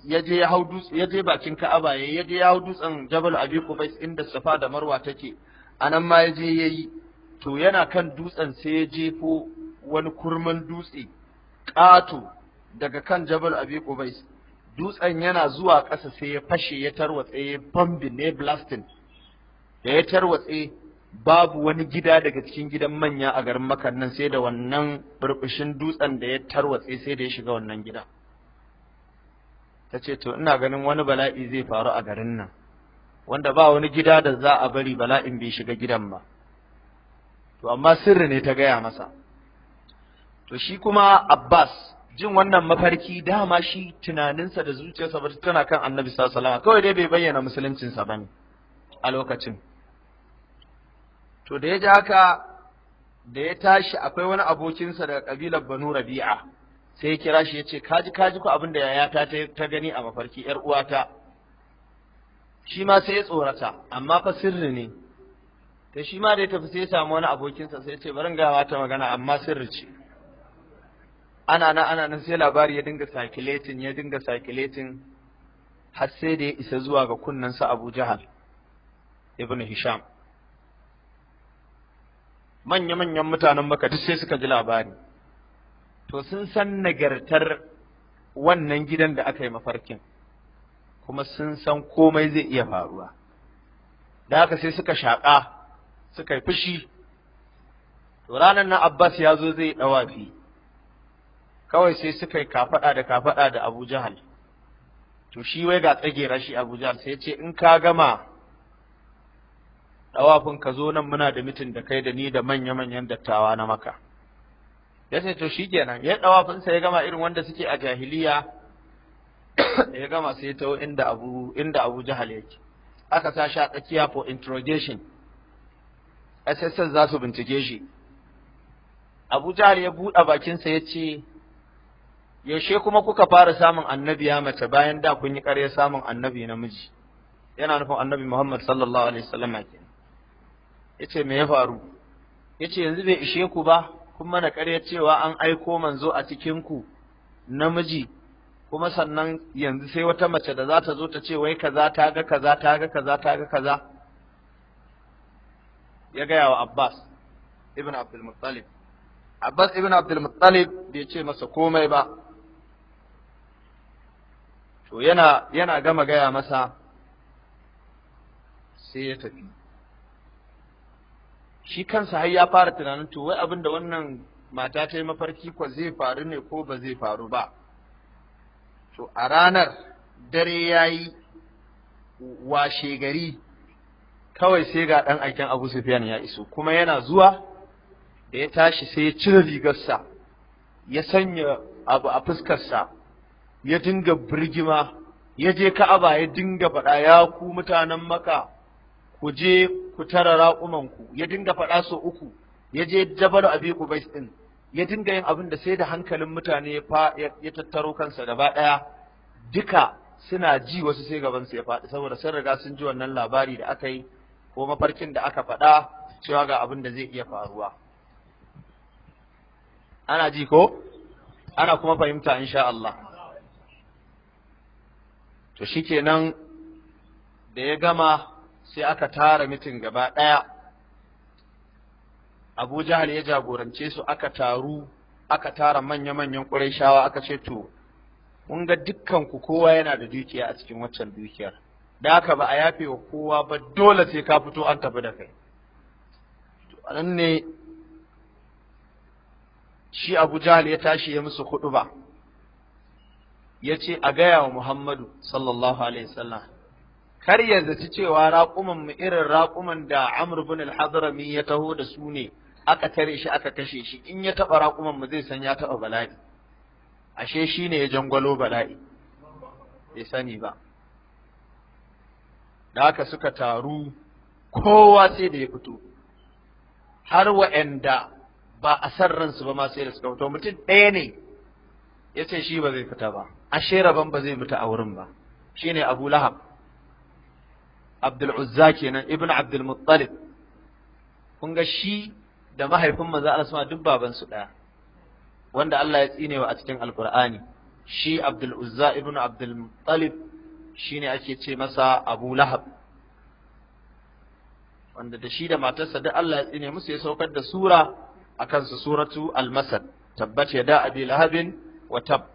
Yaje ya hau dutse yaje bakin Ka'aba ya ya hau dutsen Jabal Abi Qubais inda Safa da Marwa take anan ma yaje yayi to yana kan dutsen sai ya jefo wani kurman dutse ƙato daga kan Jabal Abi Qubais dutsen yana zuwa ƙasa sai ya fashe ya tarwatse ya bambi ne blasting da ya tarwatse babu wani gida daga cikin gidan manya a garin makan nan sai da wannan burbushin dutsen da ya tarwatse sai da ya shiga wannan gida. ta ce to ina ganin wani bala'i zai faru a garin nan wanda ba wani gida da za a bari bala'in bai shiga gidan ba to amma sirri ne ta gaya masa to shi kuma Abbas jin wannan mafarki dama shi tunaninsa da zuciyarsa ba tana kan Annabi sallallahu alaihi kawai dai bai bayyana musuluncinsa bane a lokacin to da ya ji haka da ya tashi akwai wani abokinsa daga kabilar Banu Rabi'a sai ya kira shi ya ce kaji kaji ku abin da yayata ta gani a mafarki yar uwata shi ma sai ya tsorata amma fa sirri ne ta shi ma da ya tafi sai ya samu wani abokinsa sai ya ce bari gawa ta magana amma sirri ce ana nan ana nan sai labari ya dinga sakiletin ya dinga sakiletin har sai da ya isa zuwa ga kunnensa Abu Jahal ibn Hisham manya-manyan mutanen Makka duk sai suka ji labari to sun san nagartar wannan gidan da aka yi mafarkin kuma sun san komai zai iya faruwa da haka sai suka shaƙa suka yi fushi to ranar nan Abbas ya zo zai ɗawafi kawai sai suka yi kafaɗa da kafaɗa da Abu Jahal to shi wai ga tsagera shi Abu Jahal sai ce in ka gama ɗawafin ka zo nan muna da mitin da kai da ni da manya-manyan dattawa na maka ya ce to shikenan ya fin sa ya gama irin wanda suke a jahiliya ya gama sai ta inda Abu inda Abu Jahal yake aka sa shi a tsakiya for interrogation SSS za su bincike shi Abu Jahal ya buɗe bakinsa ya ce yaushe kuma kuka fara samun annabi ya mace bayan da kun yi ƙarya samun annabi namiji yana nufin annabi Muhammad sallallahu alaihi wasallam kenan yace me ya faru yace yanzu bai ishe ku ba kun mana ƙarya cewa an aiko manzo a cikinku namiji kuma sannan yanzu sai wata mace da za ta zo ta ce wai kaza ta ga kaza ta ga kaza ta ga kaza ya gaya wa Abbas ibn Abdul Muttalib Abbas ibn Abdul Muttalib bai ce masa komai ba to yana yana gama gaya masa sai ya tafi shi kansa har ya fara tunanin to wai abin da wannan mata ta yi mafarki ko zai faru ne ko ba zai faru ba to a ranar dare ya yi washe gari kawai sai ga ɗan aikin abu sufiyan ya iso kuma yana zuwa da ya tashi sai ya cire rigarsa ya sanya abu a fuskarsa ya dinga birgima ya je ka'aba ya dinga faɗa ya ku mutanen maka ku je ku tara raƙumanku ya dinga faɗa so uku ya je jabal abi qubais din ya dinga yin abin da sai da hankalin mutane ya tattaro kansa gaba ɗaya duka suna ji wasu sai gaban su ya faɗi saboda sun riga sun ji wannan labari da aka yi ko mafarkin da aka faɗa cewa ga abin da zai iya faruwa ana ji ko ana kuma fahimta insha Allah to shikenan da ya gama sai aka tara mitin gaba ɗaya abu ya jagorance su aka taru aka tara manya-manyan shawa, aka ce to mun ga dukkanku kowa yana da dukiya a cikin waccan dukiyar da aka ba a yafe wa kowa ba dole sai ka fito an tafi da kai to ne shi abu jahal ya tashi ya musu huɗu ba ya ce a gaya wa muhammadu sallallahu alaihi wasallam kar yanzu ci cewa raƙuman mu irin raƙuman da Amr bin al-Hadrami ya taho da su ne aka tare shi aka kashe shi in ya taba raƙuman mu zai san ya taba bala'i ashe shi ne ya jangwalo bala'i bai sani ba da haka suka taru kowa sai da ya fito har wa'anda ba a san ransu ba ma sai da suka fito mutum ɗaya ne ya ce shi ba zai fita ba ashe rabon ba zai mutu a wurin ba shine Abu Lahab Abdul Uzza kenan ibn Abdul Muttalib kun ga shi da mahaifin manzo Allah sama duk babansu su wanda Allah ya tsinewa a cikin Alkur'ani shi Abdul Uzza ibn Abdul Muttalib shine ake ce masa Abu Lahab wanda da shi da matarsa duk Allah ya tsine musu ya saukar da sura akan su suratu Al-Masad tabbat yada abi lahabin wa tab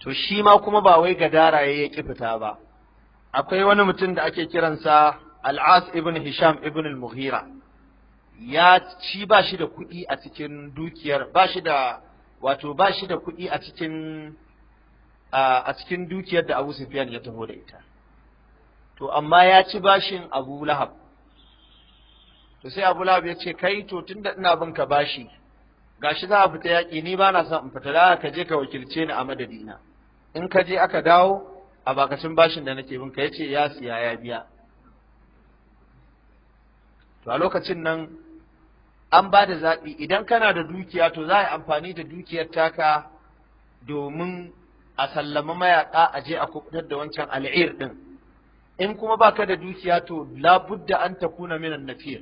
to shi ma kuma ba wai gadara ya ki fita ba akwai wani mutum da ake kiransa al'as ibn hisham ibn al-mughira ya ci ba shi da kuɗi a cikin dukiyar ba shi da wato ba shi da kuɗi a cikin a cikin dukiyar da Abu Sufyan ya taho da ita to amma ya ci bashin Abu Lahab to sai Abu Lahab ya ce kai to tunda ina bin ka bashi gashi za a fita yaƙi ni ba na son in fita da ka je ka wakilce ni a madadina in ka je aka dawo a bakacin bashin da nake bin ka yace ya siya ya biya to a lokacin nan an ba da zaɓi idan kana da dukiya to za a yi amfani da dukiyar taka domin a sallama mayaka a je a kubutar da wancan al'ir ɗin in kuma ba ka da dukiya to labudda an takuna minan nafiyar.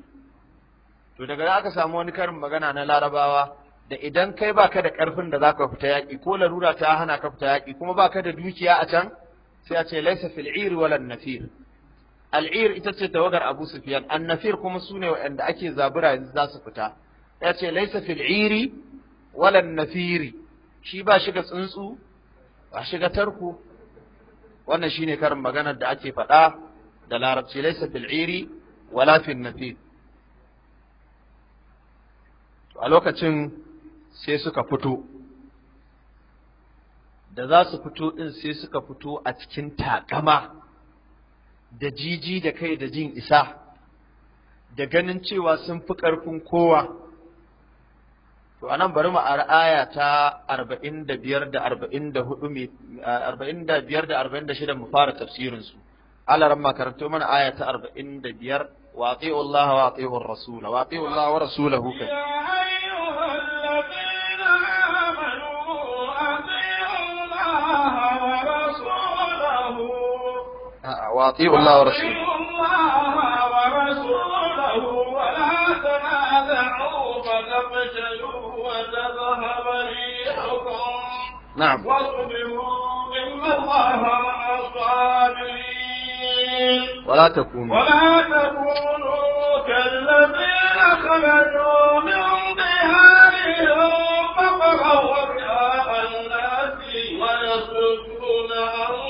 to daga da aka samu wani karin magana na larabawa da idan kai ba ka da ƙarfin da za ka fita yaƙi ko larura ta hana ka fita yaƙi kuma ba ka da dukiya a can sai ya ce laisa fil ir wala nafir al ir ita ce tawagar Abu Sufyan an nafir kuma sune waɗanda ake zabura yanzu za su fita ya ce laisa fil ir wala nafir shi ba shi ga tsuntsu ba shi tarko wannan shine karin maganar da ake faɗa da larabci laisa fil ir wala fil nafir a lokacin sai suka fito da za su fito ɗin sai suka fito a cikin taƙama da jiji da kai da jin isa da ganin cewa sun fi ƙarfin kowa to anan bari mu aya ta 45 da 44 45 da 46 mu fara tafsirin su Allah ramma karanto mana aya ta 45 wa ati'u Allah wa ati'u ar-rasul wa ati'u Allah wa rasulahu kai واطيعوا الله ورسوله ولا تنازعوا وتذهب نعم واصبروا الله ولا تكونوا ولا تكونوا كالذين خرجوا من ديارهم فقروا رئاء الناس ويصدون عن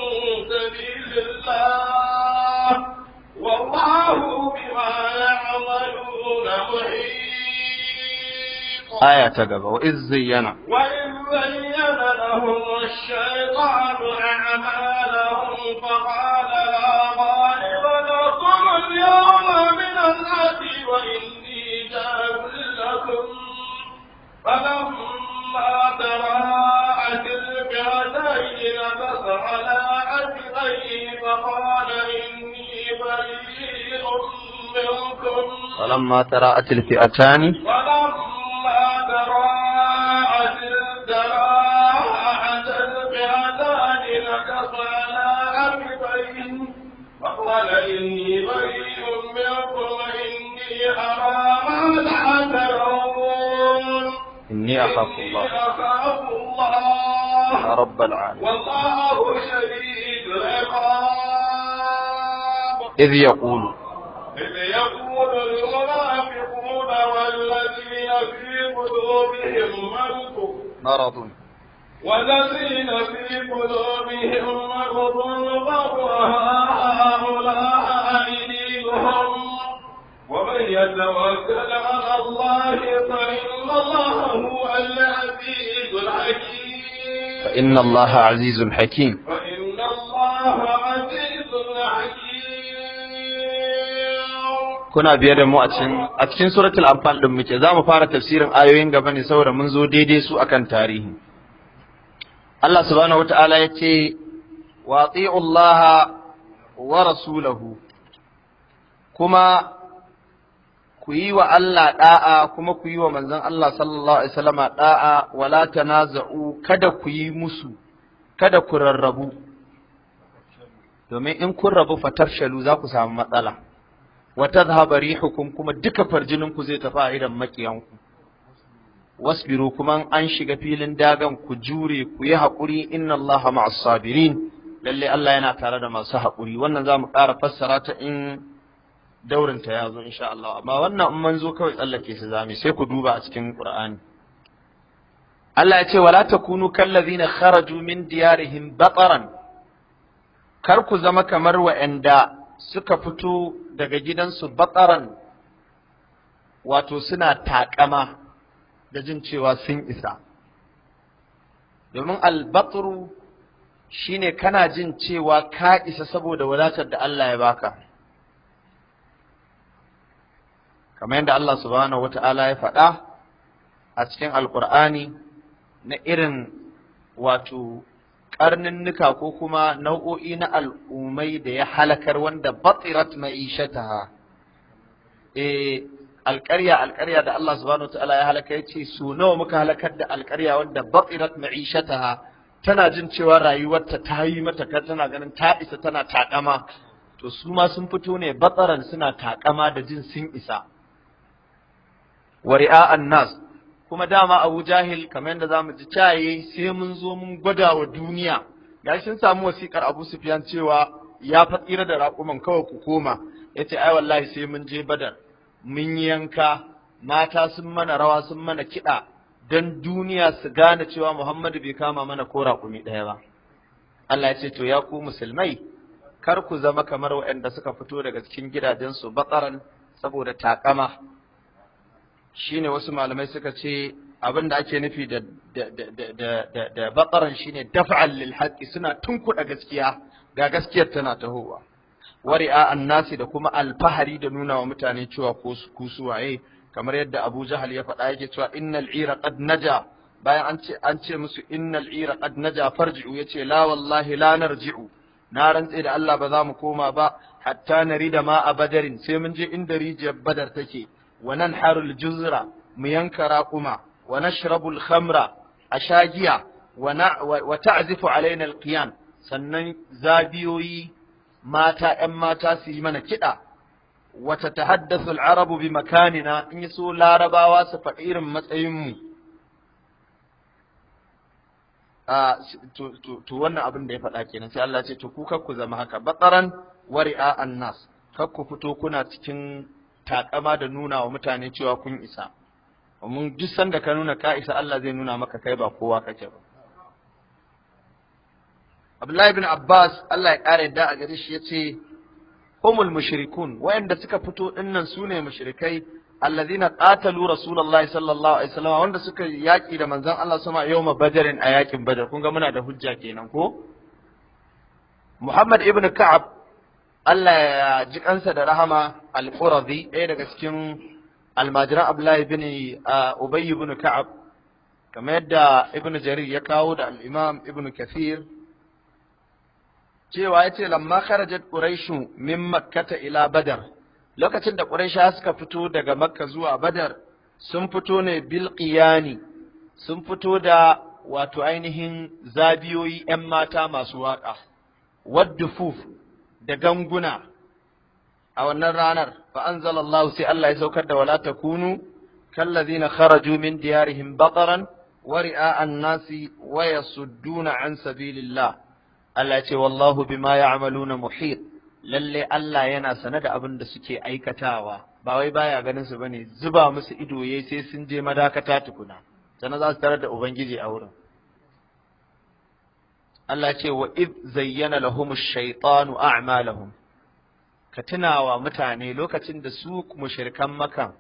والله بما يعملون محيط آية تقبل وإذ زينا وإذ زين لهم الشيطان أعمالهم فقال لا غالب لكم اليوم من الأتي وإني جاهل لكم فلما فلما تراءت فقال إني بريء منكم فلما الفئتان الله رب العالمين والله شديد العقاب إذ يقول إذ يقول المنافقون والذين في قلوبهم مرض مرض والذين في قلوبهم مرض غر هؤلاء دينهم ومن يتوكل على الله فإن الله هو العزيز الحكيم فإن الله عزيز kuna biye da mu a cikin a cikin suratul anfal din zamu fara tafsirin ayoyin gaba ne saboda mun zo daidai su akan tarihi Allah subhanahu wataala ce, wa ati'u Allah wa rasulahu kuma ku yi wa Allah ɗa'a kuma ku yi wa manzon Allah sallallahu alaihi wasallama da'a wala tanaza'u kada ku yi musu kada ku rarrabu domin in kun rabu fatarshalu za ku samu matsala wa tadhhabu rihukum kuma duka farjinin ku zai tafi a idan makiyanku wasbiru kuma an shiga filin dagan ku jure ku yi haƙuri inna Allah ma'as sabirin lalle Allah yana tare da masu haƙuri wannan za mu ƙara fassara ta in daurin ta ya zo insha Allah amma wannan in manzo kawai tsallake shi zame, sai ku duba a cikin Qur'ani Allah ya ce wala takunu kallazina kharaju min diyarihim bataran kar ku zama kamar wa'anda suka fito daga gidansu bataran wato suna takama da jin cewa sun isa domin al-batru shine kana jin cewa ka isa saboda wadatar da Allah ya baka kamar yadda Allah subhanahu ta'ala ya faɗa a cikin alkur'ani na irin wato ƙarninnuka ko kuma nau'o'i na al'ummai da ya halakar wanda batirat ma'ishataha eh alƙarya alƙarya da Allah subhanahu wataala ya halaka ya ce su nawa muka halakar da alƙarya wanda batirat ma'ishataha tana jin cewa rayuwarta ta yi mata tana ganin ta isa tana taƙama. to su ma sun fito ne batsaran suna takama da jin sun isa wa ri'a'an nas kuma dama Abu Jahil kamar yadda za mu ji caye sai mun zo mun gwada wa duniya shi sun samu wasikar Abu Sufyan cewa ya fatsira da raƙuman kawai ku koma ce ai wallahi sai mun je Badar mun yanka mata sun mana rawa sun mana kiɗa don duniya su gane cewa Muhammadu bai kama mana ko raƙumi ɗaya ba Allah ya ce to ya ku musulmai kar ku zama kamar waɗanda suka fito daga cikin gidajensu batsaran saboda taƙama. shine wasu malamai suka ce abin da ake nufi da da bakaran shine daf'al lil haqqi suna tunkuɗa gaskiya ga gaskiyar tana tahowa wari'a annasi da kuma alfahari da nuna wa mutane cewa ko kamar yadda Abu Jahal ya faɗa yake cewa innal ira qad naja bayan an ce an ce musu innal ira qad naja farji'u yace la wallahi la narji'u na rantse da Allah ba za mu koma ba hatta narida ma a badarin sai mun je inda rijiyar badar take wa nanharu al-juzra mu yanka raquma wa nashrabu al-khamra ashagiya wa wa ta'zifu alaina al sannan zabiyoyi mata ‘yan mata su yi mana kiɗa, wata ta haddasa al'arabu bi na in yi so larabawa su faɗi irin matsayinmu. To wannan abin da ya faɗa kenan sai Allah ce, to ku ku zama haka, batsaran wari'a annas, kar ku fito kuna cikin takama da nuna wa mutane cewa kun isa mun duk sanda ka nuna ka isa Allah zai nuna maka kai ba kowa kake ba Abdullahi bin Abbas Allah ya ƙara yadda a gare shi yace humul mushrikun wayanda suka fito dinnan sune mushrikai allazina qatalu rasulullahi sallallahu alaihi wasallam wanda suka yaki da manzon Allah sama ma badarin a yakin badar kun ga muna da hujja kenan ko Muhammad ibn Ka'ab Allah ya ji kansa da rahama al-Qurazi ɗaya daga cikin almajiran Abdullahi ibn Ubayy ibn Ka'ab kamar yadda Ibn Jarir ya kawo da al-Imam Ibn Kathir cewa yace lamma kharajat Quraysh min Makkah ila Badar lokacin da Quraysh suka fito daga Makka zuwa Badar sun fito ne bil qiyani sun fito da wato ainihin zabiyoyi 'yan mata masu waƙa waddufuf da ganguna a wannan ranar fa anzalallahu sai Allah ya saukar da wala takunu kallazina kharaju min diyarihim bakaran wa ri'a'an nasi wa yasudduna an sabilillah Allah ce wallahu bima ya'maluna muhit lalle Allah yana sane da abin da suke aikatawa ba wai baya ganin su bane zuba musu ido yayi sai sun je madakata tukuna sannan za su tarar da ubangiji a wurin Allah ce wa id zayyana lahum ash-shaytanu a'malahum ka tunawa mutane lokacin da su mushrikan maka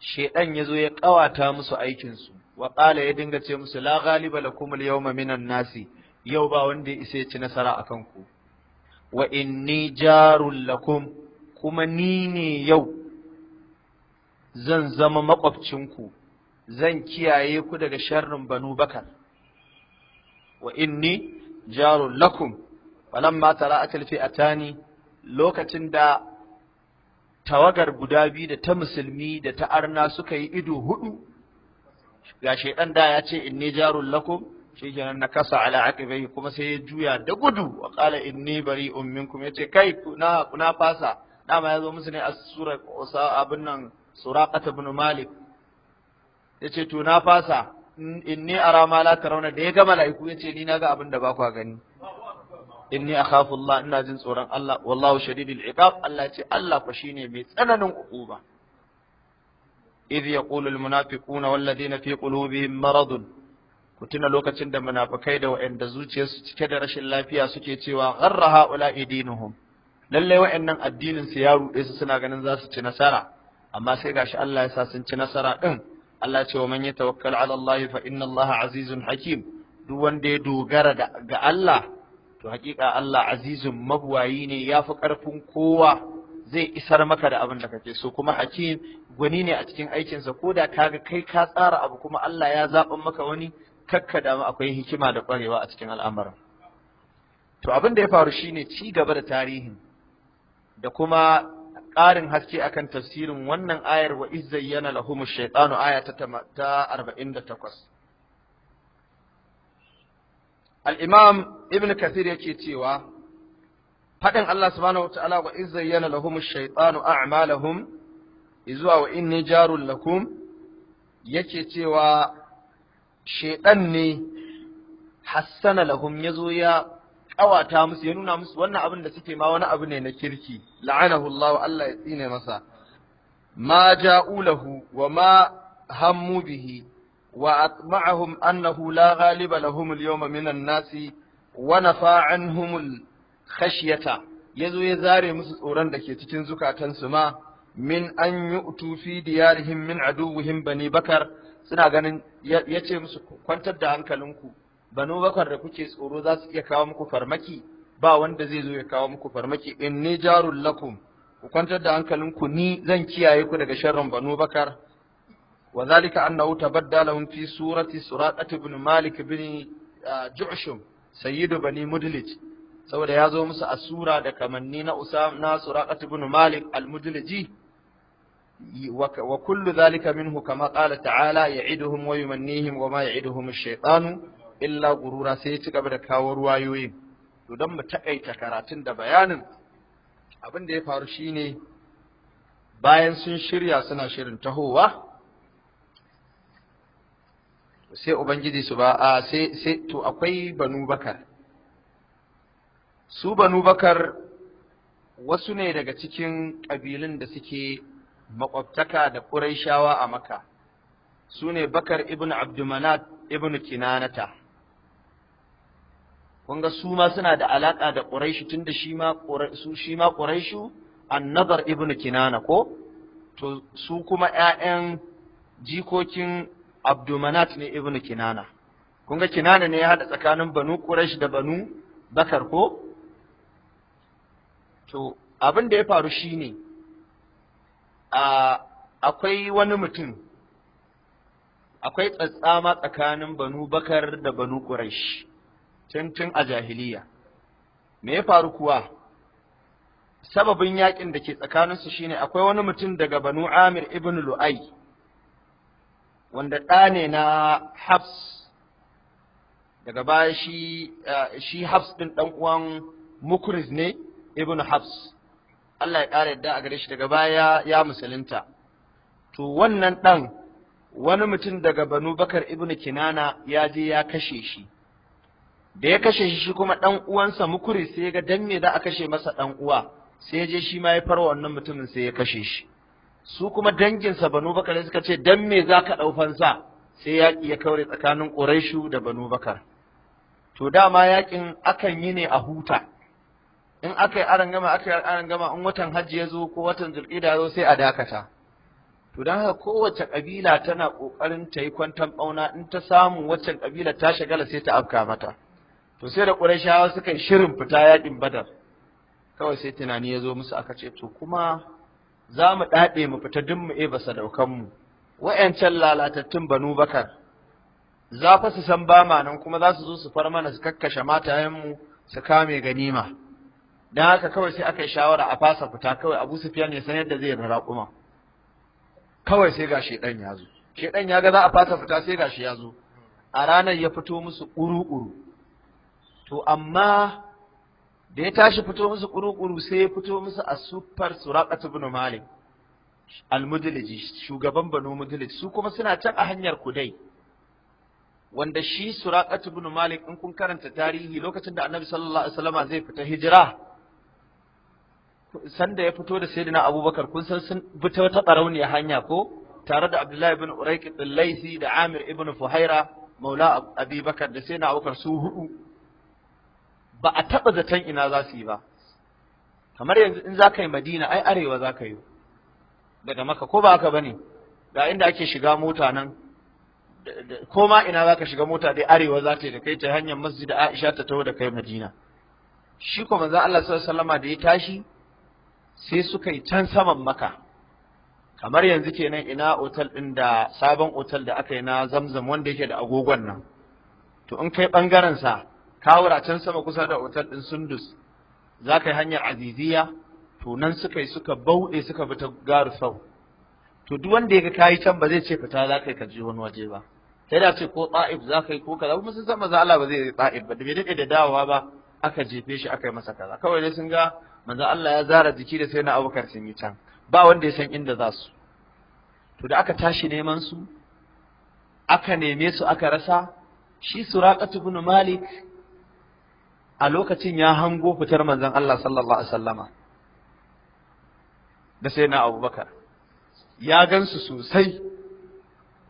shedan yazo ya kawata musu aikin su wa qala ya dinga ce musu la ghaliba lakum al-yawma minan nasi yau ba wanda ya isa ya ci nasara akan ku wa inni jarul lakum kuma ni ne yau zan zama makwabcinku zan kiyaye ku daga sharrin banu bakar wa inni jarun lakum falamma a alfi'atani lokacin da tawagar guda biyu da ta musulmi da ta arna suka yi ido hudu ga shedan da ya ce inni jarun lakum shi kenan na kasa ala aqibai kuma sai ya juya da gudu wa qala inni bari'un minkum yace kai na kuna fasa dama yazo musu ne a sura abin nan suraqat ibn malik yace to na fasa inni ara ma la tarawna da ya ga mala'iku yace ni na ga abin da ba ku gani inni akhafu Allah ina jin tsoron Allah wallahu shadidul iqab Allah ce Allah fa shine mai tsananin ukuba idh yaqulu al munafiquna wal ladina fi qulubihim maradun ku lokacin da munafikai da waɗanda zuciyarsu cike da rashin lafiya suke cewa gharra haula idinuhum lalle wayannan addinin su ya rude su suna ganin za su ci nasara amma sai gashi Allah ya sa sun ci nasara din Allah ce wa man tawakkal ala Allah fa inna Allah azizun hakim duk wanda ya dogara ga Allah to hakika Allah azizun mabwayi ne yafi karfin kowa zai isar maka da abin da kake so kuma hakim gwani ne a cikin aikinsa ko da kaga kai ka tsara abu kuma Allah ya zaɓa maka wani kakka da akwai hikima da kwarewa a cikin al'amarin to abin da ya faru shine ci gaba da tarihin da kuma ƙarin haske akan tafsirin wannan ayar wa izzayyana lahum ash-shaytanu aya ta 48 al-imam ibn kathir yake cewa faɗin Allah subhanahu wataala wa izzayyana lahum ash-shaytanu a'malahum izuwa wa inni jarul lakum yake cewa shaytan ne hassana lahum yazo ya kawata musu ya nuna musu wannan abin da suke ma wani abu ne na kirki la'anahu Allah Allah ya tsine masa ma ja'u wa ma hammu bihi wa atma'ahum annahu la ghaliba lahum al-yawma minan nasi wa nafa anhum al-khashyata yazo ya zare musu tsoron da ke cikin zukatansu ma min an yu'tu fi diyarihim min aduwwihim bani bakar suna ganin yace musu kwantar da hankalinku banu bakar da kuke tsoro za su iya kawo muku farmaki ba wanda zai zo ya kawo muku farmaki in ni jarul lakum ku kwantar da hankalinku ni zan kiyaye ku daga sharrin banu bakar wa zalika annahu tabaddala hum fi surati suraqat ibn malik ibn ah, ju'shum sayyid bani mudlij saboda ya zo musu a sura da kamanni na usam na suraqat ibn malik al-mudliji wa kullu zalika minhu kama qala ta'ala ya'iduhum wa yumannihim wa ma ya'iduhum ash-shaytanu illa gurura sai ya ci gaba da kawo ruwayoyin to don mu takaita karatun da bayanin abin da ya faru shine bayan sun shirya suna shirin tahowa sai ubangiji su ba a sai sai to akwai banu bakar su banu bakar wasu ne daga cikin ƙabilun da suke makwabtaka da ƙuraishawa a maka su ne bakar ibn abdumanat ibn kinanata kun ga su ma suna da alaka da Quraishu tunda shi ma su shi ma Quraishu annabar ibnu Kinana ko to su kuma ƴaƴan jikokin Abdumanat ne ibnu Kinana kun ga Kinana ne ya hada tsakanin Banu Quraish da Banu Bakar ko to abin da ya faru shine a akwai wani mutum akwai tsatsama tsakanin Banu Bakar da Banu Quraish tun a jahiliya me ya faru kuwa sababin yakin da ke tsakaninsu shine akwai wani mutum daga banu amir ibn lu'ai wanda ɗa ne na habs daga baya shi eh, shi habs ɗin ɗan uwan mukriz ne ibn habs Allah ya ƙara yadda a gare shi daga baya ya musulunta to wannan ɗan wani mutum daga banu bakar ibn kinana ya je ya kashe shi da ya kashe shi kuma ɗan uwansa mukuri sai ya ga dan me za a kashe masa ɗan uwa sai ya je shi ma ya farwa wannan mutumin sai ya kashe shi su kuma danginsa banu bakar suka ce dan me za ka ɗau fansa sai yaƙi ya kaure tsakanin ƙuraishu da banu bakar to dama yakin akan yi ne a huta in aka yi gama aka yi gama, in watan hajji ya zo ko watan zulqida zo sai a dakata to dan haka kowace kabila tana ƙoƙarin ta yi kwantan bauna in ta samu waccan ƙabila ta shagala sai ta afka mata to sai da ƙurashawa suka yi shirin fita yaƙin badar kawai sai tunani ya zo musu aka ce to kuma za mu ɗaɗe mu fita duk mu eba mu wa'yancan lalatattun banu bakar za fa su san bama nan kuma za su zo su far mana su kakkashe matayenmu su kame ganima Dan haka kawai sai aka yi shawara a fasa fita kawai abu sufiyan ya san yadda zai rara kuma kawai sai ga shedan ya zo shedan ya ga za a fasa fita sai ga shi ya zo a ranar ya fito musu uru-uru. to amma da ya tashi fito musu kuru-kuru sai ya fito musu a sufar suraqat ibn malik al-mudliji shugaban banu mudliji su kuma suna can a hanyar kudai wanda shi surakat ibn malik in kun karanta tarihi lokacin da annabi sallallahu alaihi wasallama zai fita hijira sanda ya fito da sayyidina abubakar kun san sun bi ta wata a hanya ko tare da abdullahi bin uraiq bin laisi da amir ibn fuhaira maula abubakar da sayyidina abubakar su hudu ba a taɓa zaton ina za su yi ba kamar yanzu in za ka yi madina ai arewa za ka yi daga maka ko ba haka ba ne ga inda ake shiga mota nan ko ma ina za ka shiga mota dai arewa za ta yi da kai ta hanyar masjid aisha ta taho da kai madina shi kuma manzon Allah sallallahu alaihi da ya tashi sai suka yi can saman maka kamar yanzu kenan ina otal ɗin da sabon otal da aka yi na zamzam wanda yake da agogon nan to in kai ɓangarensa. sa kawura can sama kusa da otal ɗin sundus za ka yi hanyar aziziya to nan suka yi suka bauɗe suka fita ta garu sau to duk wanda ya ga kayi can ba zai ce fita za ka yi ka wani waje ba sai da ce ko ta'if za ka yi ko kaza kuma sun san maza Allah ba zai yi ta'if ba da bai daɗe da dawowa ba aka jefe shi aka yi masa kaza kawai dai sun ga manzo Allah ya zara jiki da sai na abubakar sun yi can ba wanda ya san inda za su to da aka tashi neman su aka neme su aka rasa shi suraqatu ibn malik a lokacin ya hango fitar manzon Allah sallallahu alaihi wasallama da sai na abubakar ya gansu sosai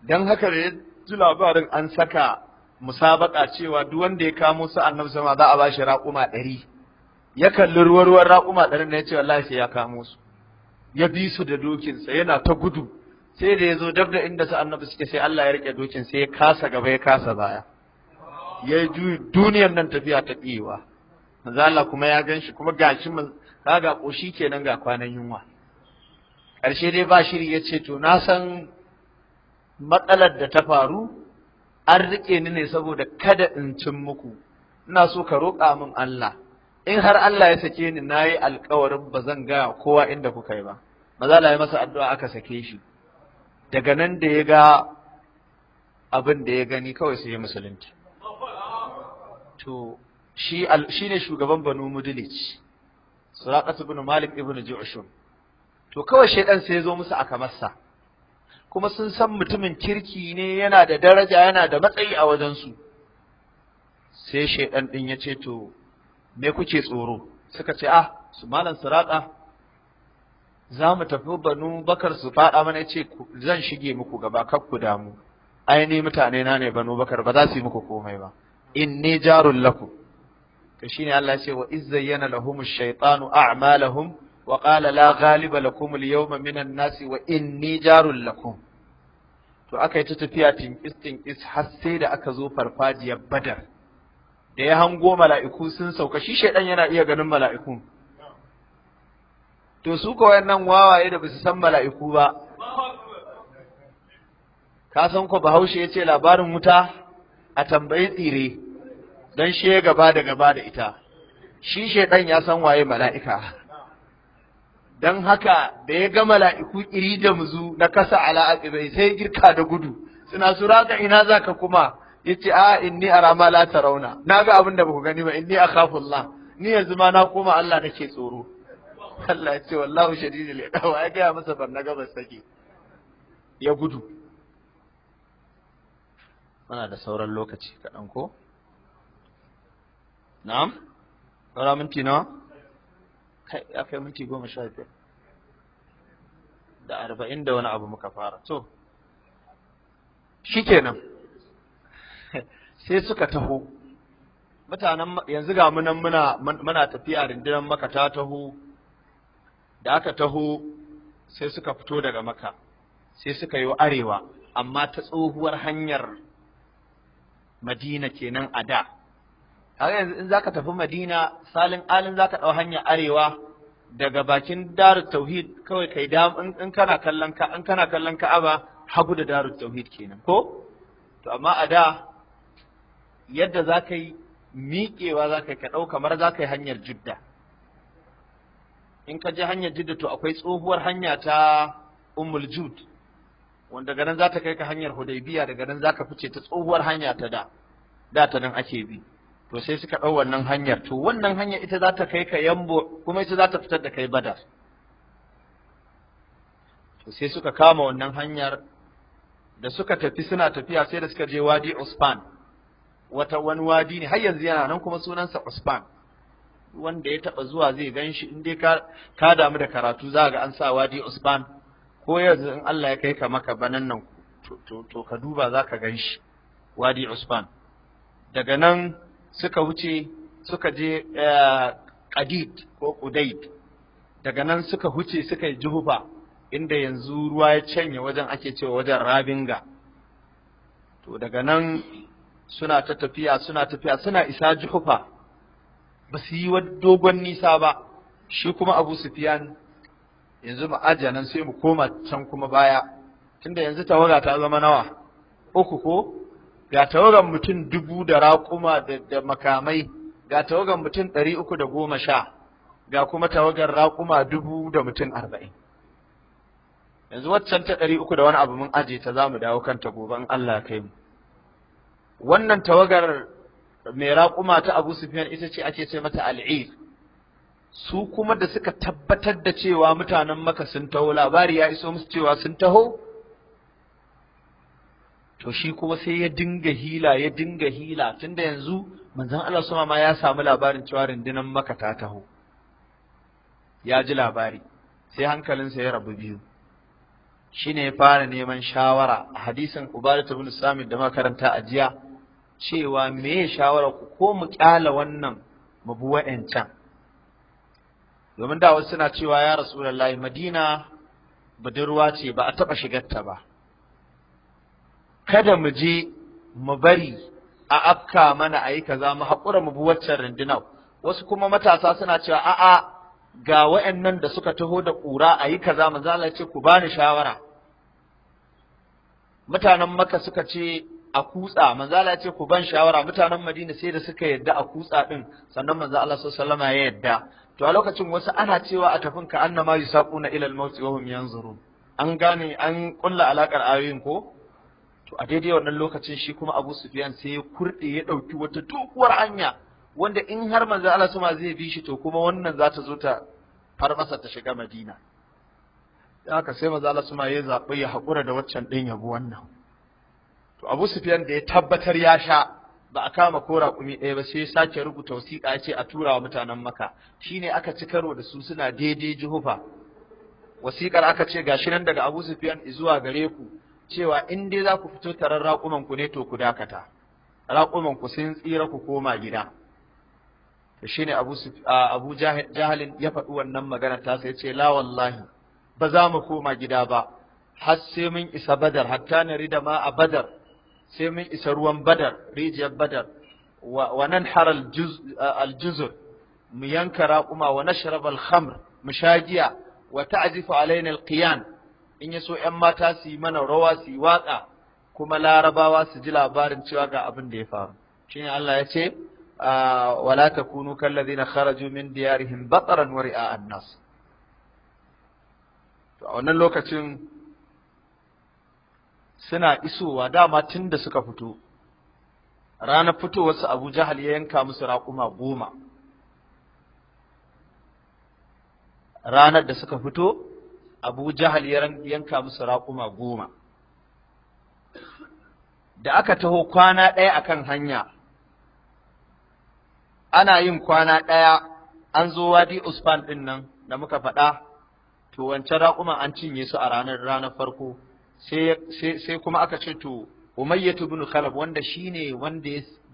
dan haka da ya ji labarin an saka musabaka cewa duk wanda ya kamo su annabi sama za a ba shi raƙuma ɗari ya kalli ruwa ruwan raƙuma ɗari na ya ce wallahi sai ya kamo su ya bi su da dokin dokinsa yana ta gudu sai da ya zo dab da inda su annabi suke sai Allah ya rike dokin sai ya kasa gaba ya kasa baya ya yi juyi duniyar nan tafiya ta ɓiyewa. Maza Allah kuma ya gan shi kuma gashi kaga ƙoshi kenan ga kwanan yunwa ƙarshe dai ba shiri ya ce to na san matsalar da ta faru an riƙe ni ne saboda kada in cin muku ina so ka roƙa min Allah in har Allah ya sake ni na yi alƙawarin ba zan gaya kowa inda kuka yi ba maza la ya masa addu'a aka sake shi daga nan da ya ga abin da ya gani kawai sai ya musulunta to shi ne shugaban banu mudilic suraqat ibn malik ibn ju'shun to kawai shaidan sai yazo zo musu a kamarsa kuma sun san mutumin kirki ne yana da daraja yana da matsayi a wajensu sai shaidan din ya ce to me kuke tsoro suka ce ah su malam suraqa za mu tafi banu bakar su faɗa mana yace zan shige muku gaba kar ku damu ai mutane na ne banu bakar ba za su yi muku komai ba inni jarul lakum shi shine Allah ce wa izzayyana lahum ash-shaytanu a'malahum wa qala la ghaliba lakum al-yawma minan nasi wa inni jarul lakum to aka yi ta tafiya tinkis tinkis har sai da aka zo farfajiyar Badar da ya hango mala'iku sun sauka shi shaidan yana iya ganin mala'ikun to su ko wayannan wawaye da basu san mala'iku ba ka san ko Bahaushe yace labarin wuta a tambayi tsire don shi ya gaba da gaba da ita shi shaidan ya san waye mala'ika don haka da ya ga mala'iku iri da muzu na kasa ala bai sai girka da gudu suna surata ina zaka kuma Ya ce a inni a rama la Na ga abin da baku gani ba inni la ni yanzu ma na koma Allah nake tsoro Allah ya ce wallahu shadidul iqawa ya gaya masa barna gabas take ya gudu muna da sauran lokaci kaɗan ko na'am saura minti nawa kai ya kai minti goma sha biyar da arba'in da wani abu muka fara to shikenan sai suka taho mutanen yanzu ga munan muna muna tafiya rindinan maka ta taho da aka taho sai suka fito daga maka sai suka yi arewa amma ta tsohuwar hanyar madina kenan a da har yanzu in ka tafi madina salin alin za ka ɗau hanyar arewa daga bakin daru tauhid kawai kai da in kana kallon ka in kana kallon ka aba hagu da darut tauhid kenan ko to amma a da yadda za ka yi miƙewa za ka yi ka ɗau kamar za ka yi hanyar jidda in ka je hanyar jidda to akwai tsohuwar hanya ta Umul jud wanda garin za ta kai ka hanyar hudaybiya daga nan za ka fice ta tsohuwar hanya ta da da ta nan ake bi to sai suka ɗau wannan hanyar to wannan hanyar ita za ta kai ka yambo kuma ita za ta fitar da kai badar to sai suka kama wannan hanyar da suka tafi suna tafiya sai da suka je wadi usman wata wani wadi ne har yanzu yana nan kuma sunansa usman wanda ya taɓa zuwa zai gan shi in dai ka damu da karatu za ga an sa wadi usman ko yanzu in Allah ya kai ka maka banan nan to ka duba za ka gan shi wadi usman daga nan suka wuce suka je eh, qadid ko qudaid daga nan suka huce suka yi juhufa inda yanzu ruwa ya canya wajen ake cewa wajen rabinga to daga nan suna ta tafiya suna tafiya suna isa juhufa ba su yi dogon nisa ba shi kuma abu sufiyan yanzu mu ajiye nan sai mu koma can kuma baya tunda yanzu tawaga ta zama nawa uku ko ga tawagan mutum dubu da raƙuma da makamai ga tawagan mutum ɗari uku da goma sha ga kuma tawagar raƙuma dubu da mutum arba'in yanzu waccan ta ɗari uku da wani abu mun aje ta za mu dawo kanta gobe in Allah ya kai mu wannan tawagar mai raƙuma ta Abu sufiyan ita ce ake ce mata al'ir su kuma da suka tabbatar da cewa mutanen maka sun taho labari ya iso musu cewa sun taho to shi kuma sai ya dinga hila ya dinga hila tunda yanzu manzon Allah sama ma ya samu labarin cewa rundunar maka ta taho ya ji labari sai hankalinsa ya rabu biyu Shi ne ya fara neman shawara a hadisin ta bin Samit da makaranta a jiya cewa me shawara ku ko mu kyala wannan mu bi domin da wasu suna cewa ya rasulullahi madina budurwa ce ba a taɓa shigarta ba kada mu je mu bari a afka mana a yi kaza mu haƙura mu bi waccan rundunar wasu kuma matasa suna cewa a'a ga wa'annan da suka taho da ƙura a yi kaza mu zala ce ku bani shawara mutanen maka suka ce a kutsa manzala ce ku ban shawara mutanen madina sai da suka yadda a kutsa din sannan manzo Allah sallallahu alaihi wasallam ya yadda to a lokacin wasu ana cewa a tafin ka annama saƙo na ilal maut wa hum yanzurun an gane an kulla alakar ayoyin ko to a daidai wannan lokacin shi kuma Abu Sufyan sai ya kurɗe ya ɗauki wata dokuwar hanya wanda in har manzo Allah zai bi shi to kuma wannan za ta zo ta far ta shiga Madina haka sai manzo Allah suma ya zabi ya haƙura da waccan ɗin yabo wannan to Abu Sufyan da ya tabbatar ya sha ba a kama ko raƙumi ɗaya ba sai sake rubuta wasiƙa ya ce a tura wa mutanen maka shine aka ci karo da su suna daidai jihufa wasiƙar aka ce gashi nan daga abu sufiyan zuwa gare ku cewa in dai za ku fito taron raƙuman ku ne to ku dakata raƙuman ku sun tsira ku koma gida to shine abu abu jahalin ya faɗi wannan magana ta sai ce la wallahi ba za mu koma gida ba har sai mun isa badar hatta na rida ma a badar sai mun isa ruwan badar rijiyar badar wa nan har aljuzur mu yanka raƙuma wa sharabar alhamr mu shagiya wa ta'zifu alaina alqiyan in yaso yan mata su yi mana rawa su yi waƙa kuma larabawa su ji labarin cewa ga abin da ya faru Shin Allah ya ce ah, wala takunu na kharaju min diyarihim bataran wa ri'a an to a wannan lokacin suna isowa dama tun da suka fito ranar fitowarsu abu jahal ya yanka musu raƙuma goma ranar da suka fito abu jahal ya yanka musu raƙuma goma da aka taho kwana ɗaya akan hanya ana yin kwana ɗaya an zo wadi usman ɗin nan da muka faɗa to wancan raƙuma an cinye su a ranar ranar farko sai kuma aka ce to umayyatu bin khalaf wanda shine wanda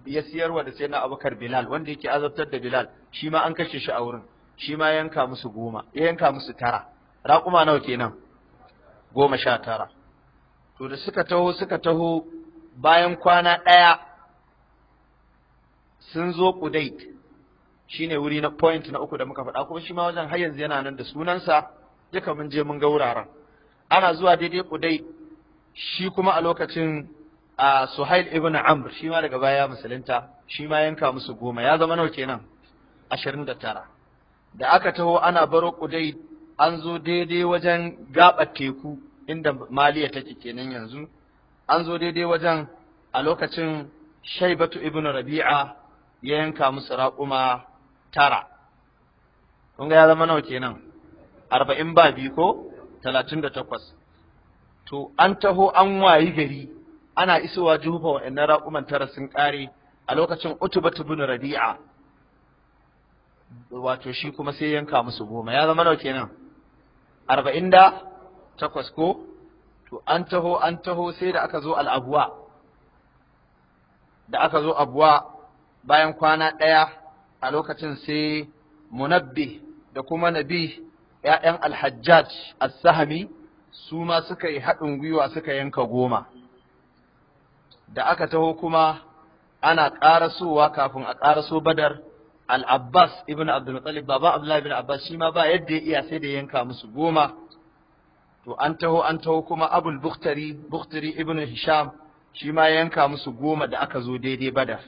ya siyarwa da sayyidina abubakar bilal wanda yake azabtar da bilal shi ma an kashe shi a wurin shi ma yanka musu goma ya yanka musu tara raƙuma nawa kenan goma sha tara to da suka taho suka taho bayan kwana ɗaya sun zo kudait shine wuri na point na uku da muka faɗa kuma shi ma wajen har yanzu yana nan da sunansa duka mun je mun ga wuraren ana zuwa daidai kudai shi kuma a lokacin a Suhail ibn Amr shi ma daga baya musulunta shi ma yanka musu goma ya zama nawa kenan 29 da aka taho ana baro kudai an zo daidai wajen gaba teku inda Maliya take kenan yanzu an zo daidai wajen a lokacin Shaibatu ibn Rabi'a ya yanka musu raƙuma tara kun ga ya zama nawa kenan 40 ba biyu ko 38 to an taho an wayi gari ana isowa wa wa'annan raƙuman tara sun ƙare a lokacin utubatu bin radi'a wato shi kuma sai yanka musu goma ya zama nauke kenan arba'in da takwas ko to an taho an taho sai da aka zo al'abuwa da aka zo abuwa bayan kwana ɗaya a lokacin sai munabbi da kuma nabi ‘ya'yan alhajjaj as-sahami su ma suka yi haɗin gwiwa suka yanka goma da aka taho kuma ana ƙarasowa kafin a ƙaraso badar al-abbas ibn abdulmuttalib baba abdullahi ibn abbas shi ma ba yadda ya iya sai da yanka musu goma to an taho an taho kuma abul bukhtari bukhtari ibn hisham shi ma yanka musu goma da aka zo daidai badar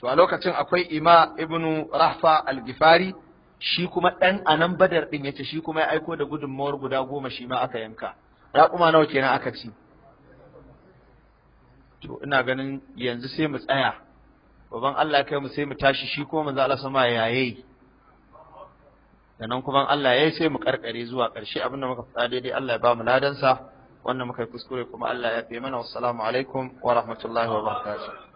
to a lokacin akwai ima ibn rahfa al-gifari shi kuma ɗan anan badar ɗin ya ce shi kuma ya aiko da gudunmawar guda goma shi ma aka yanka raƙuma nawa kenan aka ci to ina ganin yanzu sai mu tsaya baban Allah kai mu sai mu tashi shi kuma manzo Allah sama yaye sannan kuma Allah yayi sai mu karkare zuwa ƙarshe abin da muka fada daidai Allah ya ba mu ladan sa wannan muka yi kuskure kuma Allah ya fi mana wassalamu alaikum wa rahmatullahi wa barakatuh